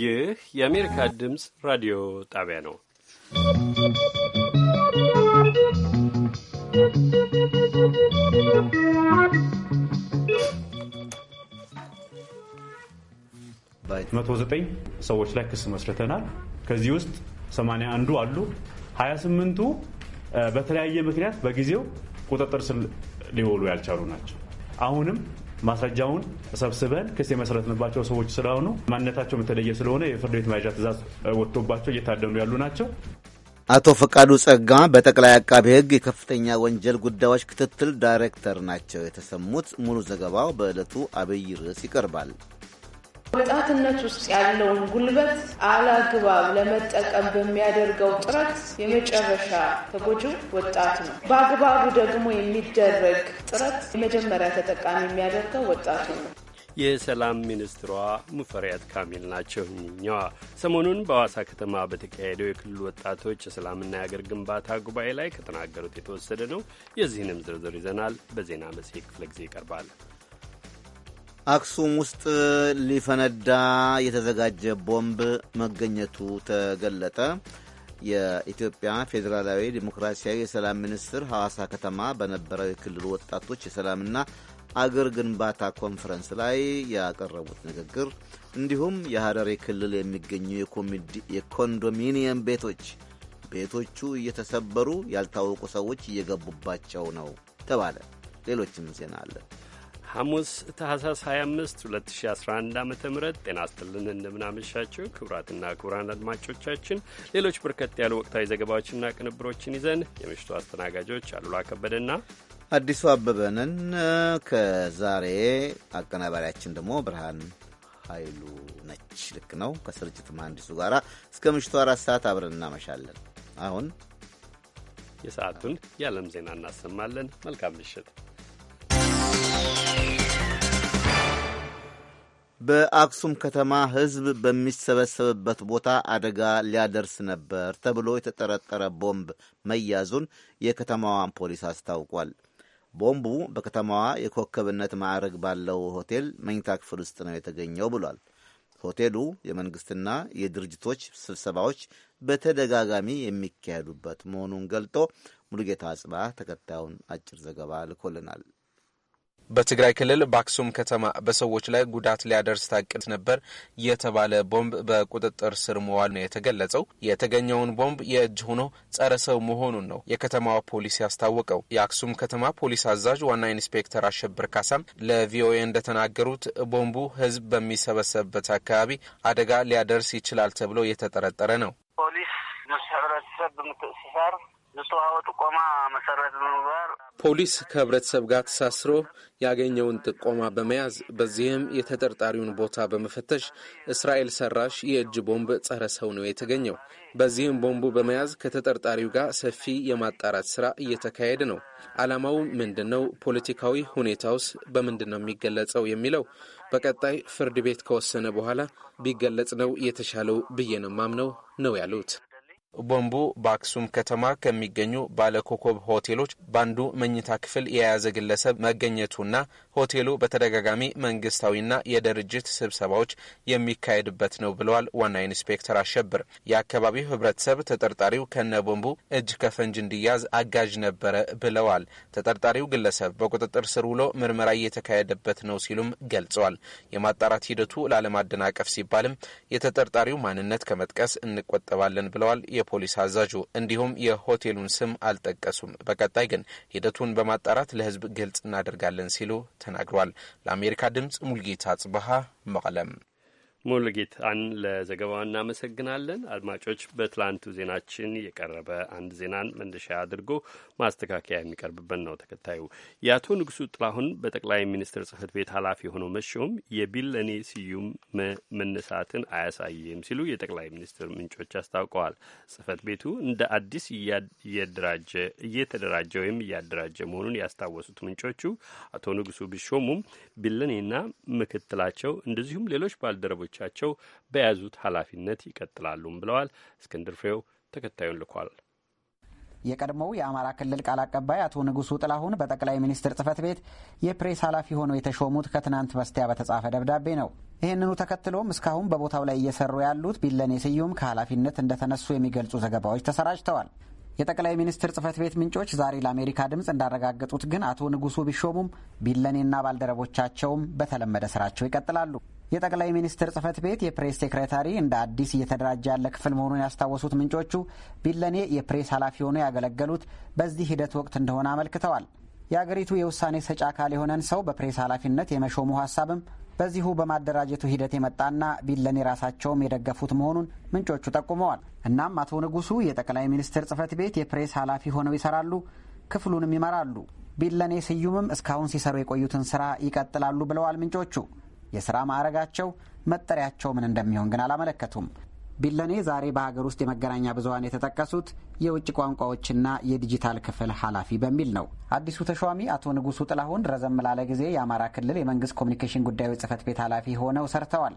ይህ የአሜሪካ ድምፅ ራዲዮ ጣቢያ ነው። መቶ ዘጠኝ ሰዎች ላይ ክስ መስርተናል። ከዚህ ውስጥ ሰማንያ አንዱ አሉ። ሀያ ስምንቱ በተለያየ ምክንያት በጊዜው ቁጥጥር ስር ሊውሉ ያልቻሉ ናቸው። አሁንም ማስረጃውን ሰብስበን ክስ የመሰረትንባቸው ሰዎች ስለሆኑ ማንነታቸው የተለየ ስለሆነ የፍርድ ቤት መያዣ ትእዛዝ ወጥቶባቸው እየታደኑ ያሉ ናቸው። አቶ ፈቃዱ ጸጋ በጠቅላይ አቃቤ ሕግ የከፍተኛ ወንጀል ጉዳዮች ክትትል ዳይሬክተር ናቸው የተሰሙት። ሙሉ ዘገባው በዕለቱ አብይ ርዕስ ይቀርባል። ወጣትነት ውስጥ ያለውን ጉልበት አላግባብ ለመጠቀም በሚያደርገው ጥረት የመጨረሻ ተጎጂው ወጣት ነው። በአግባቡ ደግሞ የሚደረግ ጥረት የመጀመሪያ ተጠቃሚ የሚያደርገው ወጣቱ ነው። የሰላም ሚኒስትሯ ሙፈሪያት ካሚል ናቸው። እኚኛዋ ሰሞኑን በዋሳ ከተማ በተካሄደው የክልሉ ወጣቶች የሰላምና የአገር ግንባታ ጉባኤ ላይ ከተናገሩት የተወሰደ ነው። የዚህንም ዝርዝር ይዘናል። በዜና መጽሔት ክፍለ ጊዜ ይቀርባል። አክሱም ውስጥ ሊፈነዳ የተዘጋጀ ቦምብ መገኘቱ ተገለጠ። የኢትዮጵያ ፌዴራላዊ ዲሞክራሲያዊ የሰላም ሚኒስትር ሐዋሳ ከተማ በነበረው የክልሉ ወጣቶች የሰላምና አገር ግንባታ ኮንፈረንስ ላይ ያቀረቡት ንግግር እንዲሁም የሐረሪ ክልል የሚገኙ የኮንዶሚኒየም ቤቶች ቤቶቹ እየተሰበሩ ያልታወቁ ሰዎች እየገቡባቸው ነው ተባለ። ሌሎችም ዜና አለን። ሐሙስ ታህሳስ 25 2011 ዓ ም ጤና ስትልን እንደምናመሻችሁ ክቡራትና ክቡራን አድማጮቻችን ሌሎች በርከት ያሉ ወቅታዊ ዘገባዎችና ቅንብሮችን ይዘን የምሽቱ አስተናጋጆች አሉላ ከበደና አዲሱ አበበንን ከዛሬ አቀናባሪያችን ደግሞ ብርሃን ኃይሉ ነች። ልክ ነው። ከስርጭት መሐንዲሱ ጋር እስከ ምሽቱ አራት ሰዓት አብረን እናመሻለን። አሁን የሰዓቱን የዓለም ዜና እናሰማለን። መልካም ምሽት። በአክሱም ከተማ ሕዝብ በሚሰበሰብበት ቦታ አደጋ ሊያደርስ ነበር ተብሎ የተጠረጠረ ቦምብ መያዙን የከተማዋን ፖሊስ አስታውቋል። ቦምቡ በከተማዋ የኮከብነት ማዕረግ ባለው ሆቴል መኝታ ክፍል ውስጥ ነው የተገኘው ብሏል። ሆቴሉ የመንግስትና የድርጅቶች ስብሰባዎች በተደጋጋሚ የሚካሄዱበት መሆኑን ገልጦ ሙሉጌታ አጽባ ተከታዩን አጭር ዘገባ ልኮልናል። በትግራይ ክልል በአክሱም ከተማ በሰዎች ላይ ጉዳት ሊያደርስ ታቅድ ነበር የተባለ ቦምብ በቁጥጥር ስር መዋል ነው የተገለጸው። የተገኘውን ቦምብ የእጅ ሆኖ ጸረ ሰው መሆኑን ነው የከተማዋ ፖሊስ ያስታወቀው። የአክሱም ከተማ ፖሊስ አዛዥ ዋና ኢንስፔክተር አሸብር ካሳም ለቪኦኤ እንደተናገሩት ቦምቡ ህዝብ በሚሰበሰብበት አካባቢ አደጋ ሊያደርስ ይችላል ተብሎ የተጠረጠረ ነው። ፖሊስ ምስ ሕብረተሰብ ንስተዋወጡ ቆማ መሰረት ምግባር ፖሊስ ከህብረተሰብ ጋር ተሳስሮ ያገኘውን ጥቆማ በመያዝ በዚህም የተጠርጣሪውን ቦታ በመፈተሽ እስራኤል ሰራሽ የእጅ ቦምብ ጸረ ሰው ነው የተገኘው። በዚህም ቦምቡ በመያዝ ከተጠርጣሪው ጋር ሰፊ የማጣራት ስራ እየተካሄደ ነው። ዓላማው ምንድን ነው? ፖለቲካዊ ሁኔታውስ በምንድን ነው የሚገለጸው? የሚለው በቀጣይ ፍርድ ቤት ከወሰነ በኋላ ቢገለጽ ነው የተሻለው ብዬ ነው ማምነው ነው ያሉት። ቦምቡ በአክሱም ከተማ ከሚገኙ ባለኮከብ ሆቴሎች በአንዱ መኝታ ክፍል የያዘ ግለሰብ መገኘቱና ሆቴሉ በተደጋጋሚ መንግስታዊና የድርጅት ስብሰባዎች የሚካሄድበት ነው ብለዋል ዋና ኢንስፔክተር አሸብር። የአካባቢው ህብረተሰብ ተጠርጣሪው ከነ ቦምቡ እጅ ከፈንጅ እንዲያዝ አጋዥ ነበረ ብለዋል። ተጠርጣሪው ግለሰብ በቁጥጥር ስር ውሎ ምርመራ እየተካሄደበት ነው ሲሉም ገልጸዋል። የማጣራት ሂደቱ ላለማደናቀፍ ሲባልም የተጠርጣሪው ማንነት ከመጥቀስ እንቆጠባለን ብለዋል። የፖሊስ አዛዡ እንዲሁም የሆቴሉን ስም አልጠቀሱም። በቀጣይ ግን ሂደቱን በማጣራት ለህዝብ ግልጽ እናደርጋለን ሲሉ ተናግሯል። ለአሜሪካ ድምጽ ሙልጌታ ጽብሃ መቀለም ሙሉጌታን ለዘገባው እናመሰግናለን። አድማጮች፣ በትላንቱ ዜናችን የቀረበ አንድ ዜናን መነሻ አድርጎ ማስተካከያ የሚቀርብበት ነው። ተከታዩ የአቶ ንጉሱ ጥላሁን በጠቅላይ ሚኒስትር ጽህፈት ቤት ኃላፊ ሆኖ መሾም የቢለኔ ስዩም መነሳትን አያሳይም ሲሉ የጠቅላይ ሚኒስትር ምንጮች አስታውቀዋል። ጽህፈት ቤቱ እንደ አዲስ እየደራጀ እየተደራጀ ወይም እያደራጀ መሆኑን ያስታወሱት ምንጮቹ አቶ ንጉሱ ቢሾሙም ቢለኔና ምክትላቸው እንደዚሁም ሌሎች ባልደረቦች ደንበኞቻቸው በያዙት ኃላፊነት ይቀጥላሉም ብለዋል። እስክንድር ፍሬው ተከታዩን ልኳል። የቀድሞው የአማራ ክልል ቃል አቀባይ አቶ ንጉሱ ጥላሁን በጠቅላይ ሚኒስትር ጽህፈት ቤት የፕሬስ ኃላፊ ሆነው የተሾሙት ከትናንት በስቲያ በተጻፈ ደብዳቤ ነው። ይህንኑ ተከትሎም እስካሁን በቦታው ላይ እየሰሩ ያሉት ቢለኔ ስዩም ከኃላፊነት እንደተነሱ የሚገልጹ ዘገባዎች ተሰራጭተዋል። የጠቅላይ ሚኒስትር ጽህፈት ቤት ምንጮች ዛሬ ለአሜሪካ ድምፅ እንዳረጋገጡት ግን አቶ ንጉሱ ቢሾሙም ቢለኔና ባልደረቦቻቸውም በተለመደ ስራቸው ይቀጥላሉ። የጠቅላይ ሚኒስትር ጽህፈት ቤት የፕሬስ ሴክሬታሪ እንደ አዲስ እየተደራጀ ያለ ክፍል መሆኑን ያስታወሱት ምንጮቹ ቢለኔ የፕሬስ ኃላፊ ሆኖ ያገለገሉት በዚህ ሂደት ወቅት እንደሆነ አመልክተዋል። የአገሪቱ የውሳኔ ሰጪ አካል የሆነን ሰው በፕሬስ ኃላፊነት የመሾሙ ሀሳብም በዚሁ በማደራጀቱ ሂደት የመጣና ቢለኔ ራሳቸውም የደገፉት መሆኑን ምንጮቹ ጠቁመዋል። እናም አቶ ንጉሱ የጠቅላይ ሚኒስትር ጽህፈት ቤት የፕሬስ ኃላፊ ሆነው ይሰራሉ፣ ክፍሉንም ይመራሉ። ቢለኔ ስዩምም እስካሁን ሲሰሩ የቆዩትን ስራ ይቀጥላሉ ብለዋል ምንጮቹ። የሥራ ማዕረጋቸው፣ መጠሪያቸው ምን እንደሚሆን ግን አላመለከቱም። ቢለኔ ዛሬ በሀገር ውስጥ የመገናኛ ብዙሀን የተጠቀሱት የውጭ ቋንቋዎችና የዲጂታል ክፍል ኃላፊ በሚል ነው። አዲሱ ተሿሚ አቶ ንጉሱ ጥላሁን ረዘም ላለ ጊዜ የአማራ ክልል የመንግስት ኮሚኒኬሽን ጉዳዮች ጽህፈት ቤት ኃላፊ ሆነው ሰርተዋል።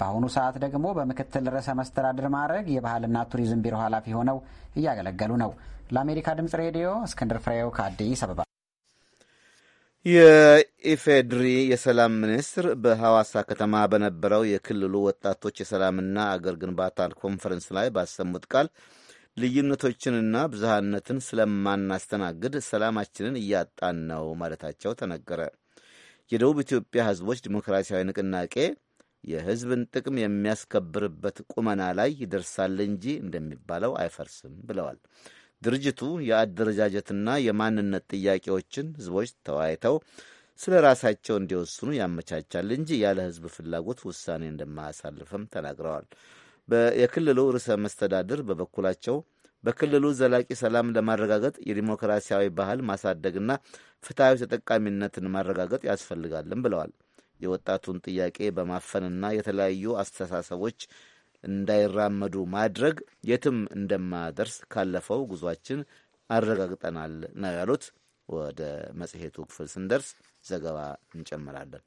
በአሁኑ ሰዓት ደግሞ በምክትል ርዕሰ መስተዳድር ማዕረግ የባህልና ቱሪዝም ቢሮ ኃላፊ ሆነው እያገለገሉ ነው። ለአሜሪካ ድምጽ ሬዲዮ እስክንድር ፍሬው ከአዲስ አበባ የኢፌድሪ የሰላም ሚኒስትር በሐዋሳ ከተማ በነበረው የክልሉ ወጣቶች የሰላምና አገር ግንባታ ኮንፈረንስ ላይ ባሰሙት ቃል ልዩነቶችንና ብዝሃነትን ስለማናስተናግድ ሰላማችንን እያጣን ነው ማለታቸው ተነገረ። የደቡብ ኢትዮጵያ ሕዝቦች ዲሞክራሲያዊ ንቅናቄ የሕዝብን ጥቅም የሚያስከብርበት ቁመና ላይ ይደርሳል እንጂ እንደሚባለው አይፈርስም ብለዋል። ድርጅቱ የአደረጃጀትና የማንነት ጥያቄዎችን ህዝቦች ተወያይተው ስለ ራሳቸው እንዲወስኑ ያመቻቻል እንጂ ያለ ህዝብ ፍላጎት ውሳኔ እንደማያሳልፍም ተናግረዋል። የክልሉ ርዕሰ መስተዳድር በበኩላቸው በክልሉ ዘላቂ ሰላም ለማረጋገጥ የዲሞክራሲያዊ ባህል ማሳደግና ፍትሐዊ ተጠቃሚነትን ማረጋገጥ ያስፈልጋልም ብለዋል። የወጣቱን ጥያቄ በማፈንና የተለያዩ አስተሳሰቦች እንዳይራመዱ ማድረግ የትም እንደማደርስ ካለፈው ጉዟችን አረጋግጠናል ነው ያሉት። ወደ መጽሔቱ ክፍል ስንደርስ ዘገባ እንጨምራለን።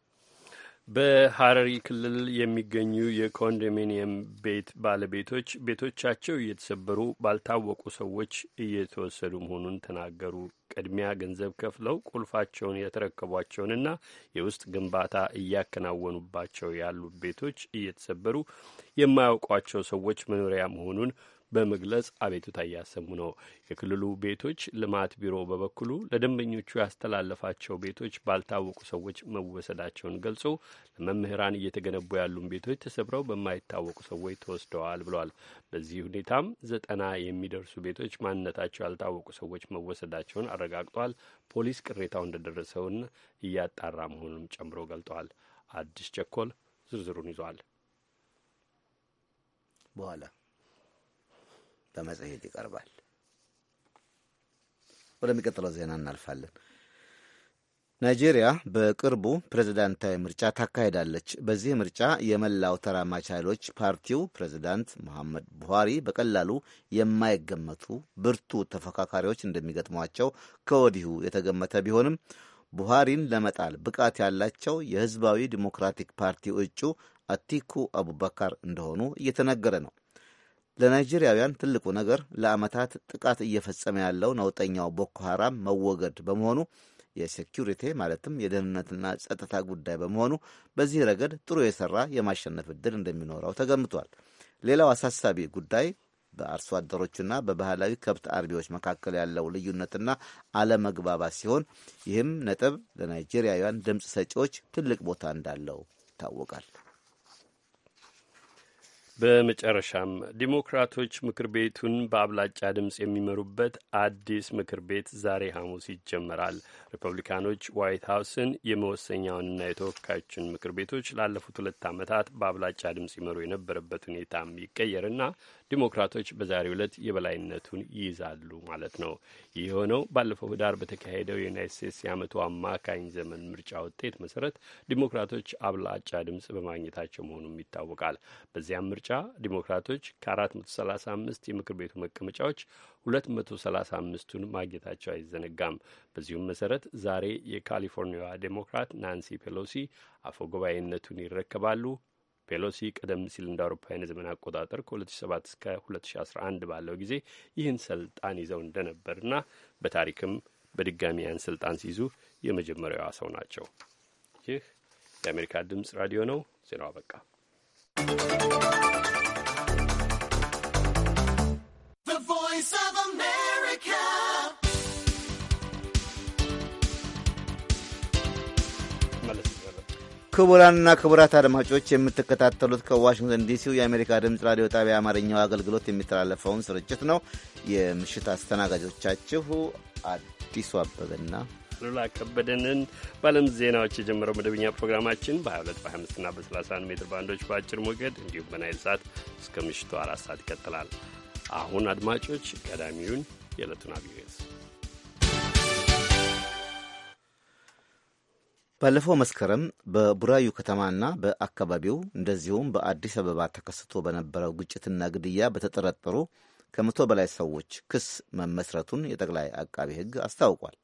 በሐረሪ ክልል የሚገኙ የኮንዶሚኒየም ቤት ባለቤቶች ቤቶቻቸው እየተሰበሩ ባልታወቁ ሰዎች እየተወሰዱ መሆኑን ተናገሩ። ቅድሚያ ገንዘብ ከፍለው ቁልፋቸውን የተረከቧቸውንና የውስጥ ግንባታ እያከናወኑባቸው ያሉ ቤቶች እየተሰበሩ የማያውቋቸው ሰዎች መኖሪያ መሆኑን በመግለጽ አቤቱታ እያሰሙ ነው። የክልሉ ቤቶች ልማት ቢሮ በበኩሉ ለደንበኞቹ ያስተላለፋቸው ቤቶች ባልታወቁ ሰዎች መወሰዳቸውን ገልጾ ለመምህራን እየተገነቡ ያሉን ቤቶች ተሰብረው በማይታወቁ ሰዎች ተወስደዋል ብሏል። በዚህ ሁኔታም ዘጠና የሚደርሱ ቤቶች ማንነታቸው ያልታወቁ ሰዎች መወሰዳቸውን አረጋግጧል። ፖሊስ ቅሬታው እንደደረሰውን እያጣራ መሆኑንም ጨምሮ ገልጠዋል። አዲስ ቸኮል ዝርዝሩን ይዟል። በኋላ በመጽሔት ይቀርባል። ወደሚቀጥለው ዜና እናልፋለን። ናይጄሪያ በቅርቡ ፕሬዝዳንታዊ ምርጫ ታካሂዳለች። በዚህ ምርጫ የመላው ተራማች ኃይሎች ፓርቲው ፕሬዝዳንት መሐመድ ቡሃሪ በቀላሉ የማይገመቱ ብርቱ ተፎካካሪዎች እንደሚገጥሟቸው ከወዲሁ የተገመተ ቢሆንም ቡሃሪን ለመጣል ብቃት ያላቸው የህዝባዊ ዲሞክራቲክ ፓርቲ እጩ አቲኩ አቡበካር እንደሆኑ እየተነገረ ነው። ለናይጄሪያውያን ትልቁ ነገር ለዓመታት ጥቃት እየፈጸመ ያለው ነውጠኛው ቦኮ ሐራም መወገድ በመሆኑ የሴኪሪቲ ማለትም የደህንነትና ጸጥታ ጉዳይ በመሆኑ በዚህ ረገድ ጥሩ የሰራ የማሸነፍ እድል እንደሚኖረው ተገምቷል። ሌላው አሳሳቢ ጉዳይ በአርሶ አደሮችና በባህላዊ ከብት አርቢዎች መካከል ያለው ልዩነትና አለመግባባት ሲሆን ይህም ነጥብ ለናይጄሪያውያን ድምፅ ሰጪዎች ትልቅ ቦታ እንዳለው ይታወቃል። በመጨረሻም ዲሞክራቶች ምክር ቤቱን በአብላጫ ድምፅ የሚመሩበት አዲስ ምክር ቤት ዛሬ ሐሙስ ይጀመራል። ሪፐብሊካኖች ዋይት ሀውስን የመወሰኛውንና የተወካዮችን ምክር ቤቶች ላለፉት ሁለት ዓመታት በአብላጫ ድምፅ ይመሩ የነበረበት ሁኔታም ይቀየርና ዲሞክራቶች በዛሬው ዕለት የበላይነቱን ይይዛሉ ማለት ነው። ይህ የሆነው ባለፈው ህዳር በተካሄደው የዩናይት ስቴትስ የአመቱ አማካኝ ዘመን ምርጫ ውጤት መሰረት ዲሞክራቶች አብላጫ ድምፅ በማግኘታቸው መሆኑም ይታወቃል። በዚያም ምርጫ ዲሞክራቶች ከ435 የምክር ቤቱ መቀመጫዎች 235ቱን ማግኘታቸው አይዘነጋም። በዚሁም መሰረት ዛሬ የካሊፎርኒያ ዴሞክራት ናንሲ ፔሎሲ አፈ ጉባኤነቱን ይረከባሉ። ፔሎሲ ቀደም ሲል እንደ አውሮፓውያን የዘመን አቆጣጠር ከ2007 እስከ 2011 ባለው ጊዜ ይህን ስልጣን ይዘው እንደነበርና በታሪክም በድጋሚ ያን ስልጣን ሲይዙ የመጀመሪያዋ ሰው ናቸው። ይህ የአሜሪካ ድምፅ ራዲዮ ነው። ዜናው አበቃ። ክቡራንና ክቡራት አድማጮች የምትከታተሉት ከዋሽንግተን ዲሲው የአሜሪካ ድምፅ ራዲዮ ጣቢያ አማርኛው አገልግሎት የሚተላለፈውን ስርጭት ነው። የምሽት አስተናጋጆቻችሁ አዲሱ አበበና ሉላ ከበደንን በዓለም ዜናዎች የጀመረው መደበኛ ፕሮግራማችን በ22 በ25ና በ31 ሜትር ባንዶች በአጭር ሞገድ እንዲሁም በናይል ሰዓት እስከ ምሽቱ አራት ሰዓት ይቀጥላል። አሁን አድማጮች ቀዳሚውን የዕለቱን አብዮት ባለፈው መስከረም በቡራዩ ከተማና በአካባቢው እንደዚሁም በአዲስ አበባ ተከስቶ በነበረው ግጭትና ግድያ በተጠረጠሩ ከመቶ በላይ ሰዎች ክስ መመስረቱን የጠቅላይ አቃቢ ሕግ አስታውቋል።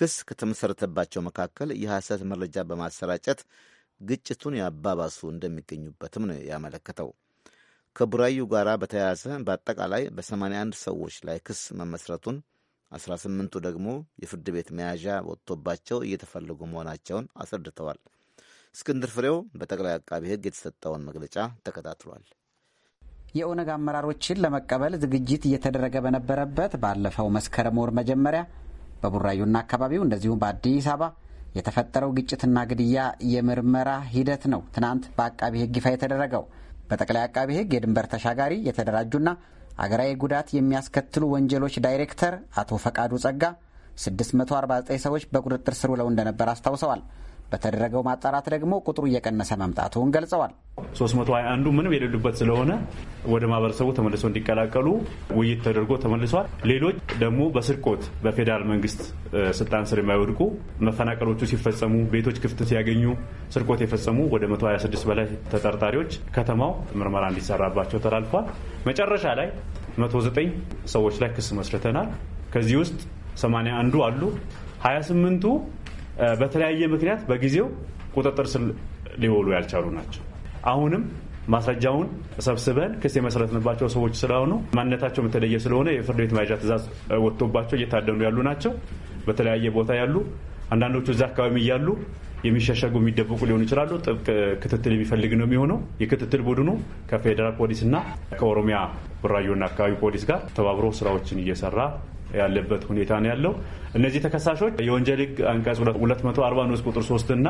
ክስ ከተመሠረተባቸው መካከል የሐሰት መረጃ በማሰራጨት ግጭቱን ያባባሱ እንደሚገኙበትም ነው ያመለከተው። ከቡራዩ ጋር በተያያዘ በአጠቃላይ በ81 ሰዎች ላይ ክስ መመስረቱን አስራ ስምንቱ ደግሞ የፍርድ ቤት መያዣ ወጥቶባቸው እየተፈለጉ መሆናቸውን አስረድተዋል። እስክንድር ፍሬው በጠቅላይ አቃቢ ሕግ የተሰጠውን መግለጫ ተከታትሏል። የኦነግ አመራሮችን ለመቀበል ዝግጅት እየተደረገ በነበረበት ባለፈው መስከረም ወር መጀመሪያ በቡራዩና አካባቢው እንደዚሁም በአዲስ አበባ የተፈጠረው ግጭትና ግድያ የምርመራ ሂደት ነው ትናንት በአቃቢ ሕግ ይፋ የተደረገው። በጠቅላይ አቃቢ ሕግ የድንበር ተሻጋሪ የተደራጁና አገራዊ ጉዳት የሚያስከትሉ ወንጀሎች ዳይሬክተር አቶ ፈቃዱ ጸጋ 649 ሰዎች በቁጥጥር ስር ውለው እንደነበር አስታውሰዋል። በተደረገው ማጣራት ደግሞ ቁጥሩ እየቀነሰ መምጣቱን ገልጸዋል። 321ዱ ምንም የሌሉበት ስለሆነ ወደ ማህበረሰቡ ተመልሶ እንዲቀላቀሉ ውይይት ተደርጎ ተመልሷል። ሌሎች ደግሞ በስርቆት በፌዴራል መንግስት ስልጣን ስር የማይወድቁ መፈናቀሎቹ ሲፈጸሙ ቤቶች ክፍት ሲያገኙ ስርቆት የፈጸሙ ወደ 126 በላይ ተጠርጣሪዎች ከተማው ምርመራ እንዲሰራባቸው ተላልፏል። መጨረሻ ላይ 109 ሰዎች ላይ ክስ መስርተናል። ከዚህ ውስጥ 81ዱ አሉ 28ቱ በተለያየ ምክንያት በጊዜው ቁጥጥር ስር ሊውሉ ያልቻሉ ናቸው። አሁንም ማስረጃውን ሰብስበን ክስ የመሰረትንባቸው ሰዎች ስለሆኑ ማንነታቸው የተለየ ስለሆነ የፍርድ ቤት መያዣ ትእዛዝ ወጥቶባቸው እየታደኑ ያሉ ናቸው። በተለያየ ቦታ ያሉ አንዳንዶቹ እዛ አካባቢ እያሉ የሚሸሸጉ የሚደብቁ ሊሆኑ ይችላሉ። ጥብቅ ክትትል የሚፈልግ ነው የሚሆነው። የክትትል ቡድኑ ከፌዴራል ፖሊስና ከኦሮሚያ ቡራዮና አካባቢ ፖሊስ ጋር ተባብሮ ስራዎችን እየሰራ ያለበት ሁኔታ ነው ያለው። እነዚህ ተከሳሾች የወንጀል ህግ አንቀጽ 240 ንዑስ ቁጥር 3 እና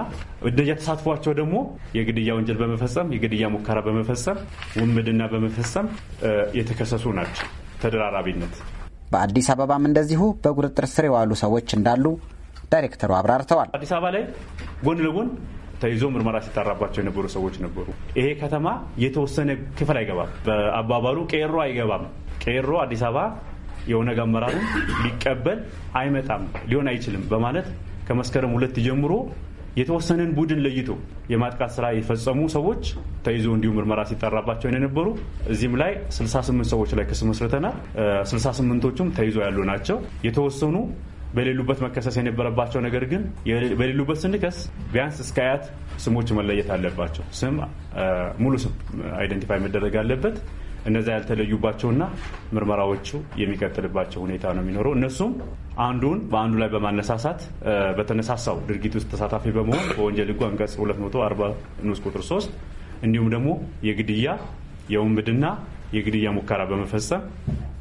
እንደዚያ ተሳትፏቸው ደግሞ የግድያ ወንጀል በመፈጸም የግድያ ሙከራ በመፈጸም ውምድና በመፈጸም የተከሰሱ ናቸው። ተደራራቢነት በአዲስ አበባም እንደዚሁ በቁጥጥር ስር የዋሉ ሰዎች እንዳሉ ዳይሬክተሩ አብራርተዋል። አዲስ አበባ ላይ ጎን ለጎን ተይዞ ምርመራ ሲጠራባቸው የነበሩ ሰዎች ነበሩ። ይሄ ከተማ የተወሰነ ክፍል አይገባም፣ በአባባሉ ቄሮ አይገባም። ቄሮ አዲስ አበባ የኦነግ አመራሩ ሊቀበል አይመጣም፣ ሊሆን አይችልም በማለት ከመስከረም ሁለት ጀምሮ የተወሰነን ቡድን ለይቶ የማጥቃት ስራ የፈጸሙ ሰዎች ተይዞ እንዲሁ ምርመራ ሲጠራባቸው የነበሩ እዚህም ላይ 68 ሰዎች ላይ ክስ መስርተናል። 68ቶቹም ተይዞ ያሉ ናቸው። የተወሰኑ በሌሉበት መከሰስ የነበረባቸው ነገር ግን በሌሉበት ስንከስ ቢያንስ እስካያት ስሞች መለየት አለባቸው። ስም ሙሉ ስም አይደንቲፋይ መደረግ አለበት። እነዛ ያልተለዩባቸውና ምርመራዎቹ የሚቀጥልባቸው ሁኔታ ነው የሚኖረው። እነሱም አንዱን በአንዱ ላይ በማነሳሳት በተነሳሳው ድርጊት ውስጥ ተሳታፊ በመሆን በወንጀል ሕጉ አንቀጽ 240 ንዑስ ቁጥር 3 እንዲሁም ደግሞ የግድያ የውንብድና የግድያ ሙከራ በመፈጸም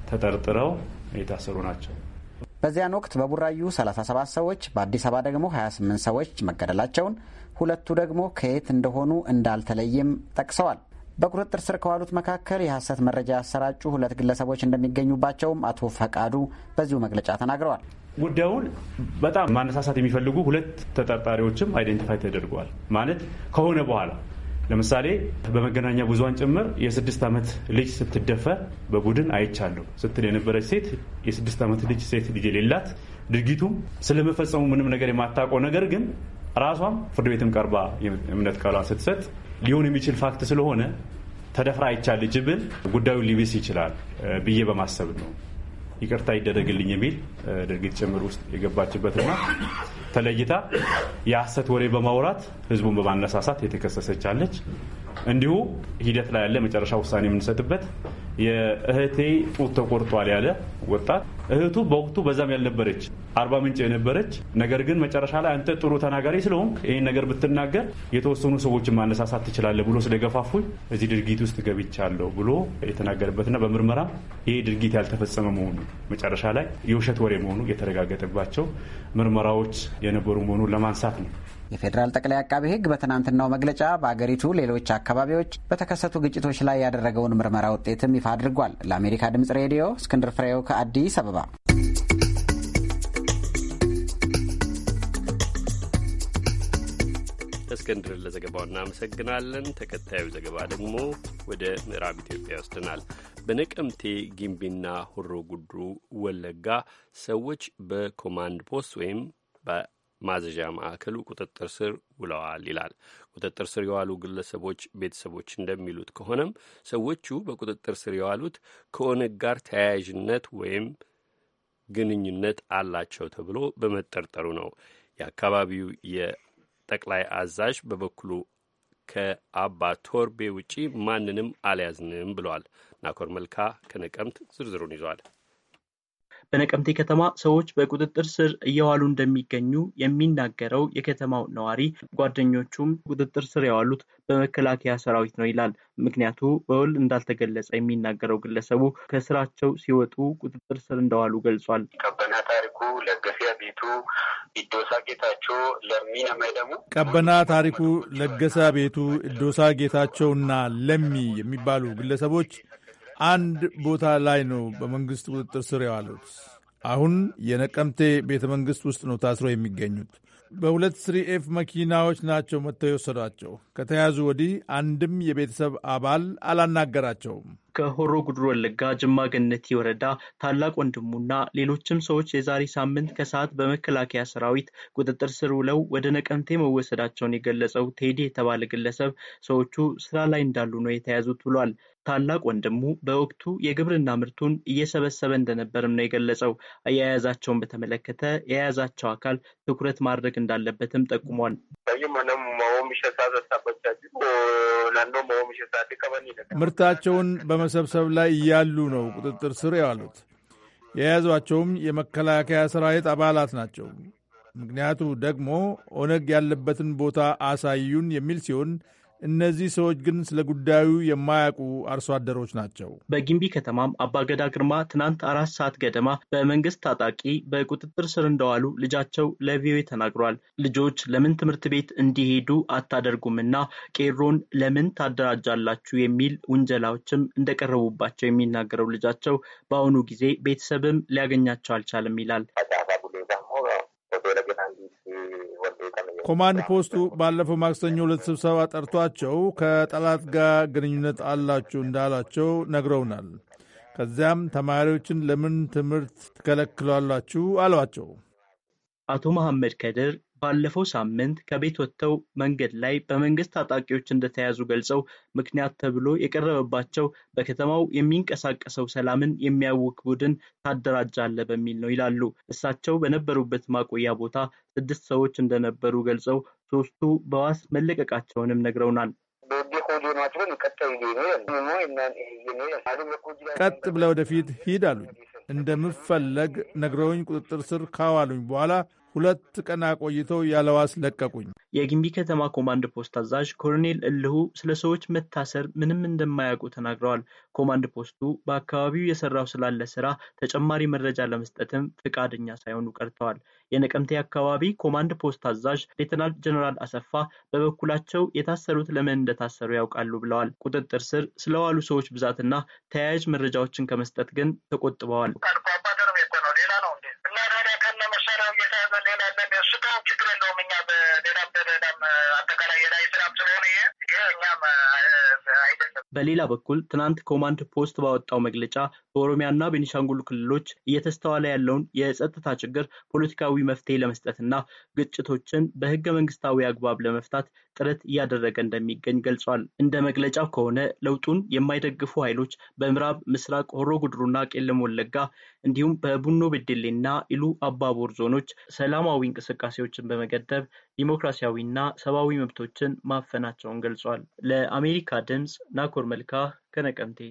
ተጠርጥረው የታሰሩ ናቸው። በዚያን ወቅት በቡራዩ 37 ሰዎች በአዲስ አበባ ደግሞ 28 ሰዎች መገደላቸውን ሁለቱ ደግሞ ከየት እንደሆኑ እንዳልተለየም ጠቅሰዋል። በቁጥጥር ስር ከዋሉት መካከል የሐሰት መረጃ ያሰራጩ ሁለት ግለሰቦች እንደሚገኙባቸውም አቶ ፈቃዱ በዚሁ መግለጫ ተናግረዋል። ጉዳዩን በጣም ማነሳሳት የሚፈልጉ ሁለት ተጠርጣሪዎችም አይደንቲፋይ ተደርገዋል። ማለት ከሆነ በኋላ ለምሳሌ በመገናኛ ብዙኃን ጭምር የስድስት ዓመት ልጅ ስትደፈር በቡድን አይቻለሁ ስትል የነበረች ሴት የስድስት ዓመት ልጅ ሴት ልጅ የሌላት ድርጊቱም ስለመፈጸሙ ምንም ነገር የማታውቀው ነገር ግን ራሷም ፍርድ ቤትም ቀርባ እምነት ቃሏ ስትሰጥ ሊሆን የሚችል ፋክት ስለሆነ ተደፍራ አይቻለች ብል ጉዳዩን ሊብስ ይችላል ብዬ በማሰብ ነው ይቅርታ ይደረግልኝ የሚል ድርጊት ጭምር ውስጥ የገባችበትና ተለይታ የሐሰት ወሬ በማውራት ህዝቡን በማነሳሳት የተከሰሰች አለች። እንዲሁ ሂደት ላይ ያለ መጨረሻ ውሳኔ የምንሰጥበት የእህቴ ጡት ተቆርጧል ያለ ወጣት እህቱ በወቅቱ በዛም ያልነበረች አርባ ምንጭ የነበረች ነገር ግን መጨረሻ ላይ አንተ ጥሩ ተናጋሪ ስለሆንክ ይህን ነገር ብትናገር የተወሰኑ ሰዎችን ማነሳሳት ትችላለህ ብሎ ስለገፋፉኝ እዚህ ድርጊት ውስጥ ገብቻለሁ ብሎ የተናገረበትና በምርመራ ይህ ድርጊት ያልተፈጸመ መሆኑ መጨረሻ ላይ የውሸት ወሬ መሆኑ የተረጋገጠባቸው ምርመራዎች የነበሩ መሆኑን ለማንሳት ነው። የፌዴራል ጠቅላይ አቃቤ ሕግ በትናንትናው መግለጫ በአገሪቱ ሌሎች አካባቢዎች በተከሰቱ ግጭቶች ላይ ያደረገውን ምርመራ ውጤትም ይፋ አድርጓል። ለአሜሪካ ድምጽ ሬዲዮ እስክንድር ፍሬው ከአዲስ አበባ። እስክንድርን ለዘገባው እናመሰግናለን። ተከታዩ ዘገባ ደግሞ ወደ ምዕራብ ኢትዮጵያ ይወስደናል። በነቀምቴ ግንቢና ሆሮ ጉድሩ ወለጋ ሰዎች በኮማንድ ፖስት ወይም ማዘዣ ማዕከሉ ቁጥጥር ስር ውለዋል ይላል። ቁጥጥር ስር የዋሉ ግለሰቦች ቤተሰቦች እንደሚሉት ከሆነም ሰዎቹ በቁጥጥር ስር የዋሉት ከኦነግ ጋር ተያያዥነት ወይም ግንኙነት አላቸው ተብሎ በመጠርጠሩ ነው። የአካባቢው የጠቅላይ አዛዥ በበኩሉ ከአባ ቶርቤ ውጪ ማንንም አልያዝንም ብሏል። ናኮር መልካ ከነቀምት ዝርዝሩን ይዟል። በነቀምቴ ከተማ ሰዎች በቁጥጥር ስር እየዋሉ እንደሚገኙ የሚናገረው የከተማው ነዋሪ ጓደኞቹም ቁጥጥር ስር የዋሉት በመከላከያ ሰራዊት ነው ይላል። ምክንያቱ በውል እንዳልተገለጸ የሚናገረው ግለሰቡ ከስራቸው ሲወጡ ቁጥጥር ስር እንደዋሉ ገልጿል። ቀበና ታሪኩ ቤቱ ለገሳ ቤቱ ኢዶሳ ጌታቸውና ለሚ የሚባሉ ግለሰቦች አንድ ቦታ ላይ ነው በመንግስት ቁጥጥር ስር የዋሉት። አሁን የነቀምቴ ቤተ መንግስት ውስጥ ነው ታስሮ የሚገኙት። በሁለት ስሪኤፍ መኪናዎች ናቸው መጥተው የወሰዷቸው። ከተያዙ ወዲህ አንድም የቤተሰብ አባል አላናገራቸውም። ከሆሮ ጉድሮ ወለጋ ጅማ ገነት ወረዳ ታላቅ ወንድሙና ሌሎችም ሰዎች የዛሬ ሳምንት ከሰዓት በመከላከያ ሰራዊት ቁጥጥር ስር ውለው ወደ ነቀምቴ መወሰዳቸውን የገለጸው ቴዲ የተባለ ግለሰብ ሰዎቹ ስራ ላይ እንዳሉ ነው የተያዙት ብሏል። ታላቅ ወንድሙ በወቅቱ የግብርና ምርቱን እየሰበሰበ እንደነበርም ነው የገለጸው። አያያዛቸውን በተመለከተ የያዛቸው አካል ትኩረት ማድረግ እንዳለበትም ጠቁሟል። ምርታቸውን በመሰብሰብ ላይ እያሉ ነው ቁጥጥር ስር የዋሉት። የያዟቸውም የመከላከያ ሰራዊት አባላት ናቸው። ምክንያቱ ደግሞ ኦነግ ያለበትን ቦታ አሳዩን የሚል ሲሆን እነዚህ ሰዎች ግን ስለ ጉዳዩ የማያውቁ አርሶ አደሮች ናቸው። በጊምቢ ከተማም አባገዳ ግርማ ትናንት አራት ሰዓት ገደማ በመንግስት ታጣቂ በቁጥጥር ስር እንደዋሉ ልጃቸው ለቪኦኤ ተናግሯል። ልጆች ለምን ትምህርት ቤት እንዲሄዱ አታደርጉምና ቄሮን ለምን ታደራጃላችሁ የሚል ውንጀላዎችም እንደቀረቡባቸው የሚናገረው ልጃቸው በአሁኑ ጊዜ ቤተሰብም ሊያገኛቸው አልቻለም ይላል። ኮማንድ ፖስቱ ባለፈው ማክሰኞ ሁለት ስብሰባ ጠርቷቸው ከጠላት ጋር ግንኙነት አላችሁ እንዳላቸው ነግረውናል። ከዚያም ተማሪዎችን ለምን ትምህርት ትከለክሏላችሁ አሏቸው። አቶ መሐመድ ከድር ባለፈው ሳምንት ከቤት ወጥተው መንገድ ላይ በመንግስት ታጣቂዎች እንደተያዙ ገልጸው ምክንያት ተብሎ የቀረበባቸው በከተማው የሚንቀሳቀሰው ሰላምን የሚያውክ ቡድን ታደራጃለህ በሚል ነው ይላሉ። እሳቸው በነበሩበት ማቆያ ቦታ ስድስት ሰዎች እንደነበሩ ገልጸው ሶስቱ በዋስ መለቀቃቸውንም ነግረውናል። ቀጥ ብለው ወደፊት ሂድ አሉኝ። እንደምፈለግ ነግረውኝ ቁጥጥር ስር ካዋሉኝ በኋላ ሁለት ቀና ቆይተው ያለዋስ ለቀቁኝ። የጊምቢ ከተማ ኮማንድ ፖስት አዛዥ ኮሎኔል እልሁ ስለ ሰዎች መታሰር ምንም እንደማያውቁ ተናግረዋል። ኮማንድ ፖስቱ በአካባቢው የሰራው ስላለ ስራ ተጨማሪ መረጃ ለመስጠትም ፍቃደኛ ሳይሆኑ ቀርተዋል። የነቀምቴ አካባቢ ኮማንድ ፖስት አዛዥ ሌተናል ጀነራል አሰፋ በበኩላቸው የታሰሩት ለምን እንደታሰሩ ያውቃሉ ብለዋል። ቁጥጥር ስር ስለዋሉ ሰዎች ብዛትና ተያያዥ መረጃዎችን ከመስጠት ግን ተቆጥበዋል። በሌላ በኩል ትናንት ኮማንድ ፖስት ባወጣው መግለጫ በኦሮሚያና ቤኒሻንጉል ክልሎች እየተስተዋለ ያለውን የጸጥታ ችግር ፖለቲካዊ መፍትሄ ለመስጠትና ግጭቶችን በህገ መንግስታዊ አግባብ ለመፍታት ጥረት እያደረገ እንደሚገኝ ገልጿል። እንደ መግለጫው ከሆነ ለውጡን የማይደግፉ ኃይሎች በምዕራብ ምስራቅ ሆሮ ጉድሩና ቄለም ወለጋ እንዲሁም በቡኖ ብድሌ እና ኢሉ አባቦር ዞኖች ሰላማዊ እንቅስቃሴዎችን በመገደብ ዲሞክራሲያዊና ሰብአዊ መብቶችን ማፈናቸውን ገልጿል። ለአሜሪካ ድምፅ ናኮር መልካ ከነቀምቴ።